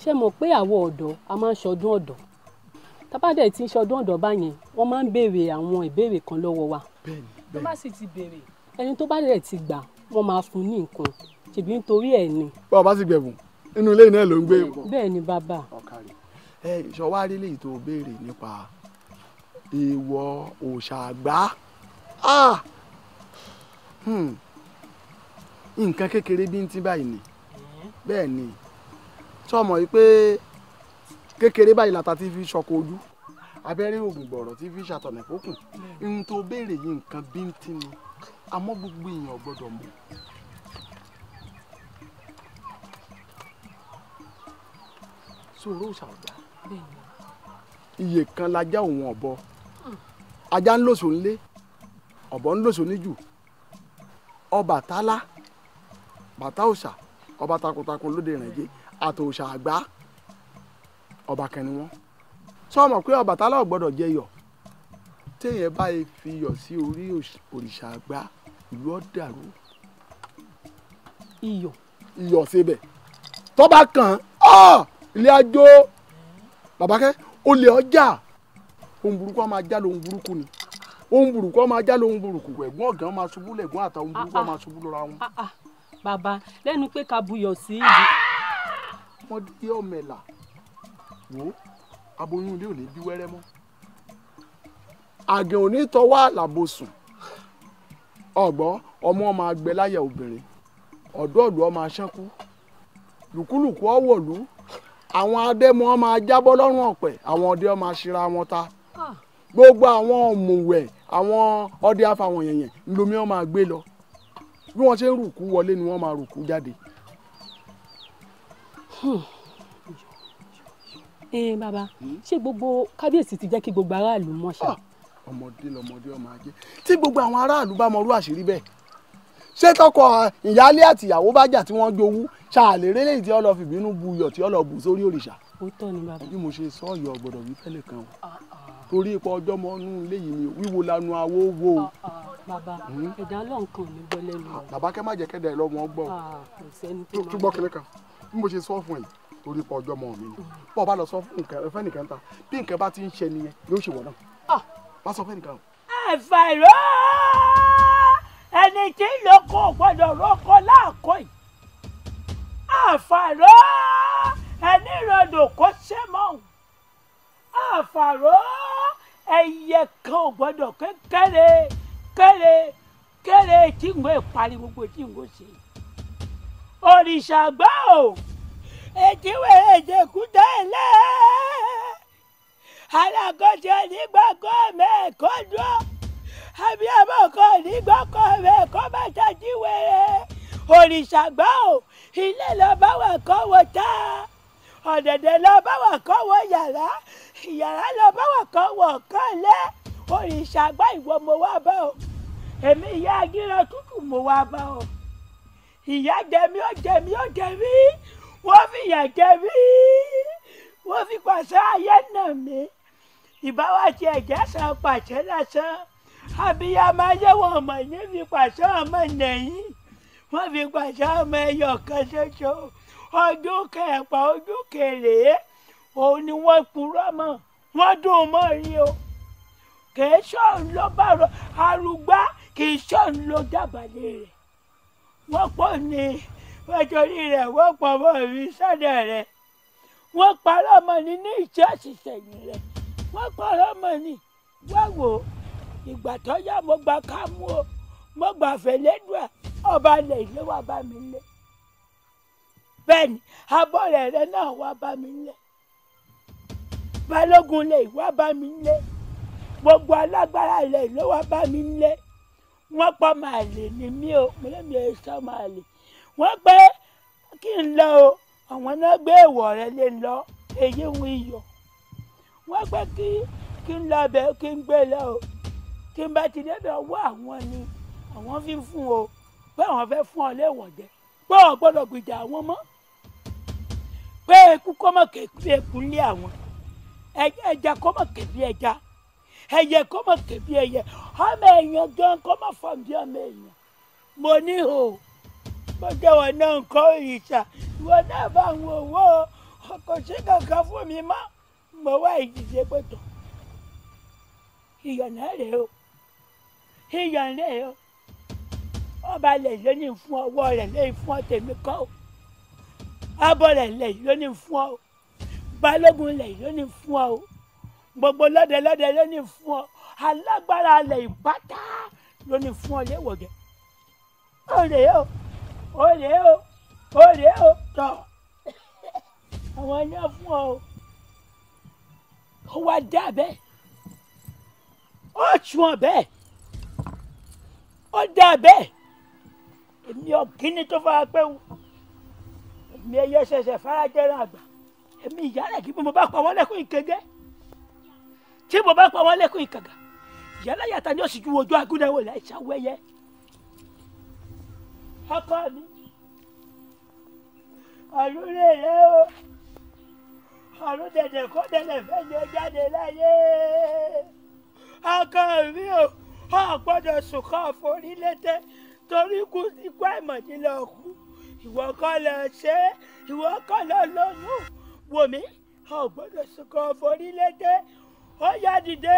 ṣe mọ̀ pé àwọn ọ̀dọ́ a máa ń ṣọdún ọ̀dọ́ tábàdẹ̀ tí ń ṣọdún ọ̀dọ́ báyẹn wọ́n máa ń béèrè àwọn ìbéèrè kan lọ́wọ́ wa tó bá sì ti béèrè ẹni tó bá dẹ̀ ti gbà wọ́n máa fún ní nǹkan ṣèbí nítorí ẹ̀ ni. bá a bá sì gbẹ̀bùn inú ilé náà ló ń gbé. bẹ́ẹ̀ ni bàbá. ẹ ìṣọwárí lè tó béèrè nípa ìwọ òòṣà àgbà hmm. nǹkan kékeré bí ń tí báyìí ni bẹ́ẹ̀ ni sọmọ yìí pé kékeré báyìí làtà tí fi ṣọkọ ojú abẹ́rẹ́ òògùn gbọ̀rọ̀ tí fi ṣàtọ̀nà ìkókùn irun hmm. tó béèrè yìí nǹkan bíntín ni àmọ́ gbogbo èèyàn gbọ́dọ̀ mọ̀. sọ̀rọ̀ ṣàwùjá iye kan lajá òun ọ̀bọ hmm. ajá ń lòsò ńlé ọ̀bọ ń lòsò níjù Ọbàtálá bàtà òòṣà ọba takuntakun lóde ìrìnàjò àtòòṣà àgbà ọba kan ni wọ́n sọ ọmọ pé Ọbàtálá ò gbọ́dọ̀ jẹ yọ téèyàn bá yẹ fi yọ sí orí òrìṣà àgbà ìlú ọ̀dàrú. iyọ̀. iyọ̀ síbẹ̀ tọ́ba kan ilé ajó babakẹ́ olè ọjà ohun burúkú ọmọ ajá lóhun burúkú ni ohun burúkú ọmọ ajá lóhun burúkú ẹ̀gbọ́n ọ̀gá ọmọ asubú lẹ̀gbọ́n àtàwọn burúkú ọmọ asubú lọ́ra wọn. bàbá lẹ́nu pé ká buyọ̀ sí i. wọ́n di ọmọ ẹ̀là wò ó aboyún ilé ò ní bí wẹ́rẹ́ mọ́ àgàn òní tọwọ́ àlàbòsùn ọ̀gbọ́n ọmọ ọmọ àgbẹ̀ láyà obìnrin ọ̀dọ́ ọ̀dọ́ ọmọ aṣánkú lùkúlùkù ọ̀wọ̀lú àwọn adẹ́mọ ọmọ ajábọ́ lọ́rùn ọ̀pẹ̀ àwọn ọdẹ ọmọ aṣíra wọn ta ah. gbogbo àwọn ọ̀mùwẹ̀ àwọn ọdẹ afàwọn yẹ̀yẹ̀ ńlomi ọmọ àgbé lọ bí wọ́n ṣe ń rùkú wọlé ni wọ́n máa rùkú jáde. Hmm ẹ bàbá ṣé gbogbo kábíyèsí ti jẹ́ kí gbogbo aráàlú mọ̀ ṣá. Ah, ọmọdé lọmọdé ọmọ ajé tí gbogbo àwọn aráàlú bá mọrú àṣírí bẹ́ẹ̀ ṣé tọkọ ìyáálé àtìyàwó bá jà tí wọ́n jowú ṣàlérè lẹ́yìn tí ọlọ fìbínú bu iyọ̀ tí ọlọ bù sórí òrìṣà. ó tọ́ ni bàbá. bí mo ṣe sọ ọyọ gbọ́dọ̀ wí fẹlẹ kan o ah, ah. torí ipa ọjọ́ mọ inú ilé ni wíwo lanu awo wo. bàbá hmm? ẹ̀dá lọ́nkàn mi gbọ́ lẹ́nu. bàbá kẹ́ má jẹ́ kẹ́dà ẹ̀ lọ́mọ gbọ́. túbọ̀ kẹ́lẹ́ kan bí mo ṣe sọ fún ẹ torí pọ̀ ọjọ́ mọ́ mi ni bọ́ ọ bá lọ sọ fún nǹkan fẹ́ nìkan ta bí nǹkan bá ti ń ṣe nìyẹn yóò ṣe wọ̀ bá ah! sọ fẹ́ nìkan o. àfàìró ẹni tí lóko gbọ́dọ̀ rọ́kọ láàkó yìí àfàìró ẹni rọdò kó ṣe mọ́ o àfàìró ẹyẹ kan ò gbọ́dọ̀ kékeré kéré kéré tí n kò pariwo gbogbo tí n kò ṣe òrìṣà gbọ́ o èjì wèrè ìjẹkújẹ ilé alákọ̀ọ́jẹ onígbàgbọ́ mẹ́ẹ̀kọ́ dúró abiyamọ kan onígbàgbọ́ mẹ́ẹ̀kọ́ me ṣàjì wèrè òrìṣà gbọ́ ò ilé lọ bá wà kọ́ wọ tá ọ̀dẹ̀dẹ̀ lọ bá wà kọ́ wọ yàrá yàrá lọ bá wà kọ́ wọ kọ́lé òrìṣà gbọ́ ìwọ mo wá bá o èmi ìyá agírọ̀ tútù mo wá bá o ìyá jẹmi ó jẹmi ó jẹmi wọ́n fìyà jẹ mí wọ́n fi pàṣẹ ayé nà mí ìbáwá ti ẹ̀jẹ̀ san pàṣẹ lásán abiyamọ ayé wọn ọmọ yín fi pàṣẹ ọmọ nẹ̀yìn wọ́n fi pàṣẹ ọmọ ẹyọ kan ṣoṣo ọdún kẹpà ọdún kẹlẹ òun ni wọ́n purọ́ mọ́ wọ́n dùn mọ́ rí o kìí sọ̀rọ̀ ló bá rọ arúgbá kìí sọ̀rọ̀ ló dábàlẹ̀ rẹ̀ wọ́n pọ̀ ní wọ́n torí rẹ̀ wọ́n pọ̀ ọmọ mi sọ́dọ̀ rẹ̀ wọ́n parọ́ ọmọ ni ní ìjọ́sì sẹ́yìn rẹ̀ wọ́n parọ́ ọmọ ni wọ́n wò ó ìgbà tó yá mo gba kámú o mo gba fẹ̀lẹ́dùà ọba ilẹ̀ ilé wà bá mi lé bẹ́ẹ̀ ni abọ́rẹ̀ rẹ náà wà bá mi lé balógun lè wá bá mi lé gbogbo alágbára ilẹ̀ ló wà bá mi lé wọ́n pọ̀ màlè ni mí o mo lè mi ò sọ màlè wọ́n pé kí n lọ o àwọn náà gbé èèwọ̀ rẹ lé lọ èyí ń iyọ̀ wọ́n pé kí kí n lọ bẹ̀ kí n gbé lọ o kí n bá ti débẹ̀ ọwọ́ àwọn ni àwọn fi ń fún o pé àwọn fẹ́ fún ọ léèwọ̀ jẹ pé ò gbọ́dọ̀ gbìjà àwọn mọ́ pé eku kọ́mọ̀ kébi eku lé àwọn ẹja kọ́mọ̀ kébi ẹja ẹyẹ kọ́mọ̀ kébi ẹyẹ ọmọ èèyàn gan kọ́mọ̀ fọ̀ bí ọmọ èèyàn mo ní o bọ́jọ́ wọn náà ń kọ́ ìṣà ìwọ náà bá ń wo owó ọkọ̀ sí kankan fún mi mọ́ mo wá ìdíje pẹ̀tọ̀ ìyọ̀nà rẹ̀ o ìyọ̀nà rẹ̀ o ọba lẹ̀ lónìí fún ọwọ́ rẹ̀ lẹ́yìn fún ọ̀tẹ̀mí kọ́ o abọ́ rẹ̀ lẹ̀ lónìí fún ọ balógun lẹ̀ lónìí fún ọ gbogbo lọ́dẹ lọ́dẹ lónìí fún ọ alágbára lẹ̀ ìbátá lónìí fún ọ léwọ̀gẹ́ ọ̀rẹ́ o ó rèé o ó rèé o tọ̀ àwọn ẹni fún ọ ó wá dá bẹ́ẹ̀ ó sùn bẹ́ẹ̀ ó dá bẹ́ẹ̀ èmi ọ̀gíní tó fara pẹ́ wò èmi ẹyẹ ṣẹ̀ṣẹ̀ farajẹ́rẹ́ àgbà èmi ìyá rẹ̀ kí mo bá pa wọ́n lẹ́kùn ìkẹ́gẹ́ tí mo bá pa wọ́n lẹ́kùn ìkàgà ìyá láyàtà ni ó sì ju ojú agúnnáwó láì sáwọ́ ẹyẹ ọkọ mi ọ̀run lè rẹ o ọ̀run dẹ̀dẹ̀ kó dẹ̀dẹ̀ fẹ́ yọ jáde láyé ọkọ mi o ọ gbọ́dọ̀ sùn kọ́ forí létẹ́ torí kú ikú àìmọ̀dé lọ kú ìwọ kọ́ lọ ṣe é ìwọ kọ́ lọ lóyún wò mí ọ gbọ́dọ̀ sùn kọ́ forí létẹ́ ó yá dìde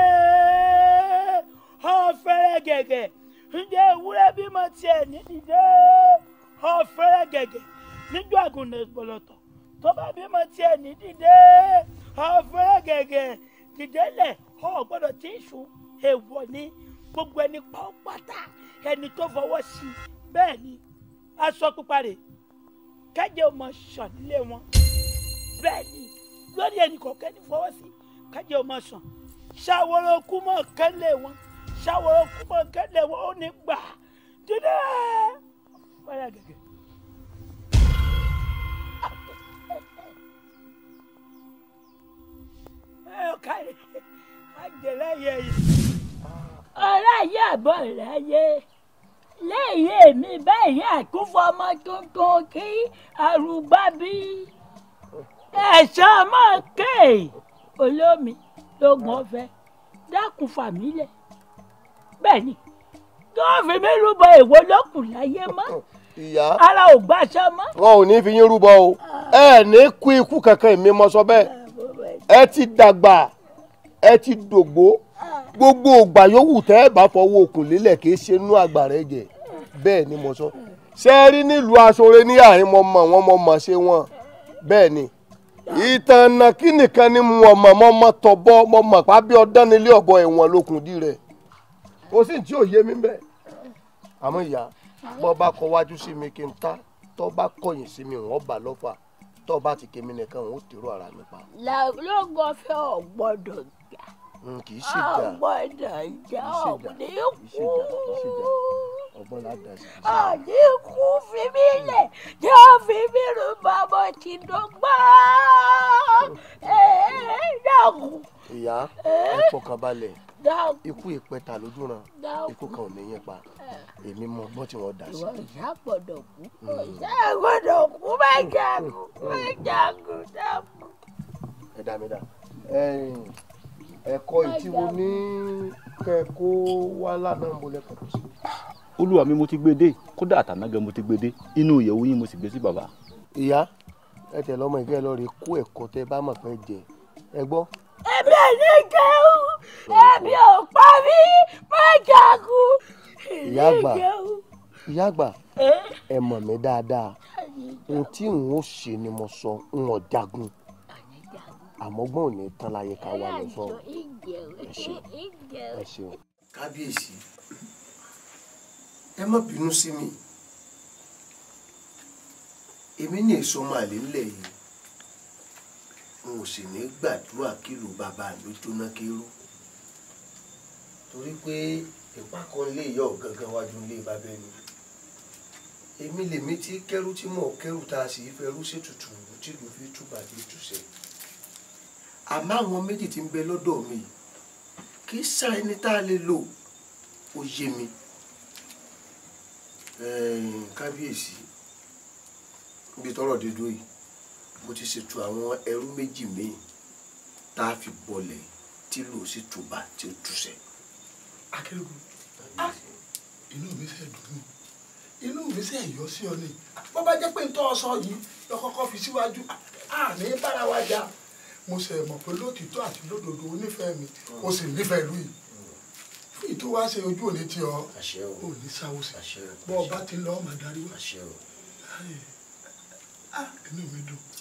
ọ fẹ́rẹ̀ gẹ̀gẹ̀ ǹjẹ́ ewúrẹ́ bímọ tiẹ̀ ní ǹjẹ́ ọ̀fẹ́rẹ́ gẹ̀gẹ̀ níjó àgùnà gbọ̀lọ̀tọ̀ tó bá bímọ tiẹ̀ ní dìde ọ̀fẹ́rẹ́ gẹ̀gẹ̀ dìde lẹ̀ ọ̀ gbọ́dọ̀ tí ì sùn èèwọ̀ ni gbogbo ẹni pátá ẹni tó fọwọ́ sí i bẹ́ẹ̀ ni aṣọ pípa rẹ̀ kẹ́jẹ́ ọmọ sàn nílé wọn bẹ́ẹ̀ ni lórí ẹnì kọ̀ọ̀kan fọwọ́ sí kẹ́jẹ́ ọmọ sàn ṣàwòrán kú mọ́ kẹ́lé wọn ṣàwòrán kú mọ gẹlẹ wọn ò ní gbà dídẹ báyà gẹgẹ. ẹ ò kárí àjẹlẹ yẹ yìí. ọ̀rẹ́ ayé àbọ̀ rẹ̀ ayé lẹ́yìn èmi báyìí àkúfọ́ ọmọ tuntun kí àrùbá bí ẹ̀ṣọ́ ọmọ kéè olómi lógun ọ̀fẹ́ dákun fàmílẹ̀ bẹ́ẹ̀ ni kí wọ́n fi mí rúbọ èwo lọ́kùn láyé mọ́ ìyá ara ò gbàṣẹ mọ́. wọn ò ní fi yín rúbọ o ẹ ní kú ikú kankan èmi mọ sọ bẹ́ẹ̀ ẹ ti dàgbà ẹ ti dògbó gbogbo ògbà yòówù tẹ́ ẹ bá fọwọ́ òkun lélẹ̀ kì í ṣe inú àgbàrẹ́ jẹ bẹ́ẹ̀ ni mo sọ ṣe é rí nílùú aṣọre ní àárín mo mọ̀ wọ́n mo mọ̀ ṣe wọ́n bẹ́ẹ̀ ni ìtàn nàkí nìkan ni mo mọ̀ mo mọ̀ tọ̀bọ̀ mo mọ̀ pábí ọdán nílé ọ̀bọ ẹ̀wọ̀n lókùn dí rẹ̀ kò sí tí ò yé mi bẹ́ẹ̀ àmọ́ ìyá bọ́ bá kọ wájú sí mi kí n ta tọ́ bá kọ̀yìn sí mi wọ́n bà lọ́fà tọ́ bá ti ké nìkan wọ́n ó tèrò ara mi pa. lọ́gọ́ fẹ́ ò gbọ́dọ̀ kì í ṣe jà ò gbọ́dọ̀ jà kú ọgbọ́n ládàá sí. ọ̀ní kú fi mí lẹ̀ jẹ́ fi mí rún bàbá tí dọ́gba <laughs> ẹ̀ẹ́dàgùn. ìyá ẹ fọkàn balẹ̀ ikú ìpẹta lójú ràn ikú kan ò ní yẹn pa eh. èmi mọ ọgbọ́n tí wọ́n dà sí. ìwọ ìyá gbọ́dọ̀ kú hmm. ìyá gbọ́dọ̀ kú má hmm. jagun má hmm. jagun dáàbò. ẹ dá mi dá ẹ̀kọ́ ìtí wo ní kẹ́kọ́ wá lánàá mo lẹ́kọ̀ọ́ tó sí. olúwa mi mo ti gbé dé kódà àtànágẹ mo ti gbé dé inú ìyẹ̀wò yín mo sì gbé sí bàbá. ìyá ẹ tẹ̀lé ọmọ ìgbẹ́ lọ rè kó ẹ̀kọ́ tẹ bá mọ̀ fẹ́ jẹ ẹ gbọ́ ebi ẹni gẹ̀ẹ́hù ebi ò pa mí má jagun ìyá àgbà ìyá àgbà ẹ mọ̀ mí dáadáa ohun tí n ó ṣe ni mo sọ n ò jagun àmọ́ gbọ́n ò ní tán láyé ká wà lọ sọ ẹ ṣeun ẹ ṣeun. kábíyèsí ẹ má bínú sí mi èmi ní èso máa lè ń lẹ̀ yìí n ò sì ní gbàdúrà kílù bàbá mi jóná kérú torí pé ìpàkọ́nlé yọ gangan wájú ilé bàbá ẹni èmi lèmi tí kẹrù tí mò ń kẹrù tá a sì fẹrú ṣètùtù tí ló fi túbà bí túṣẹ àmọ́ àwọn méjì tí ń bẹ lọ́dọ̀ mi kì í sá ẹni tá a lè lò ó yé mi kábíyèsí ibi tọ́rọ̀ dé dúró yìí mo ti ṣètò àwọn ẹrú méjì míì tá a fi bọlẹ̀ tí lò sí tuba tí ó túṣẹ. akérèkún ah! ah! inú mi fẹ́ dùn inú mi fẹ́ yọ sí ọ ni bó bá jẹ́ pé ń tọ́ ọ sọ yìí lọ kọ́kọ́ fi síwájú àní bára wa jà mo ṣe mọ̀ pé lótìtọ́ àti lódodo onífẹ̀ẹ́ mi hmm. o sì nífẹ̀ẹ́ ìlú yìí fún ìtò wá ṣe ojú òní tí ọ ò ní sáwó sí bọ́ ọ bá ti lọ́ọ́ màdárí wá ah! inú mi dùn.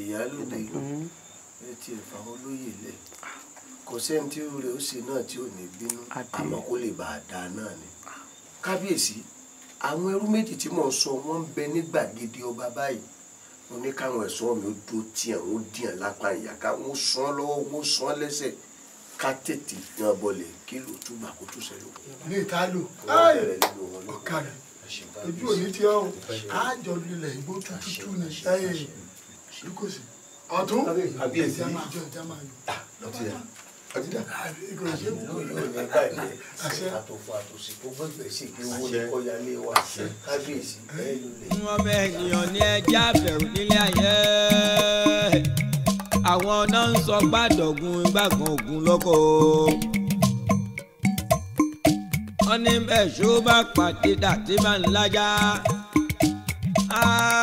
ìyálòde ẹ tiẹ̀ fáwọn olóyè lẹ̀ kò sẹ́ni tí rẹ̀ ó ṣe náà tí ò ní bínú àmọ́ kó lè bàa da náà ni kábíyèsí àwọn ẹrú méjì tí mò ń sọ wọ́n ń bẹ ní gbàgede ọba báyìí mo ní káwọn ẹ̀ṣọ́ mi ó dó tiẹ̀ ó dìyàn lápá ìyá káwọn sán lọ́wọ́ wọ́n sán lẹ́sẹ̀ ká tètè yan bọlẹ̀ kí ló túbà kó tún ṣẹlẹ̀. ilé ìta lò ọ̀kadà ojú òní ti ọ̀ àjọ lulẹ̀ igbó tútù ní ṣẹ́yìn ṣùkòsì ọ̀tún àbíyèsí àjọ ìjà máa yọ. ọtí dà ọtí dà. àṣẹ àtòfò àtòsí tó gbẹgbẹ sí pé owó ni kò yálé wa kábíyèsí bẹ́ẹ̀ ló lè. wọn bẹ ènìyàn ní ẹjẹ àbẹ̀rù nílé ayé àwọn náà ń sọ gbàdọ̀gùn gbàgàn ògùn lọ́kọ̀ wọn ní bẹ́ẹ̀ ṣó bá pàdé dàtí bá ń lájà. Ah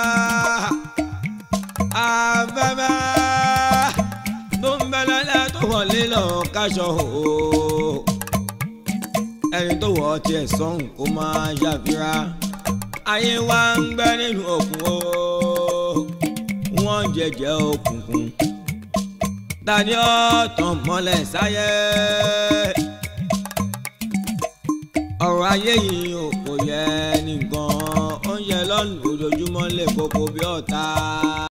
afẹ́fẹ́ tó ń bẹ lẹ́lẹ́ tó wọlé lọ káṣọ o ẹni tó wọ tiẹ̀ sọ́hùn ó máa yàfíra ayé wa ń gbẹ nínú òkun o wọ́n jẹjẹ òkùnkùn tani ọ̀tàn mọ́lẹ̀ sáyé ọ̀rọ̀ ayé yìí ò kò yẹ nìkan ó ń yẹ lọ́nà ojoojúmọ́ lè koko bí ọ̀tá.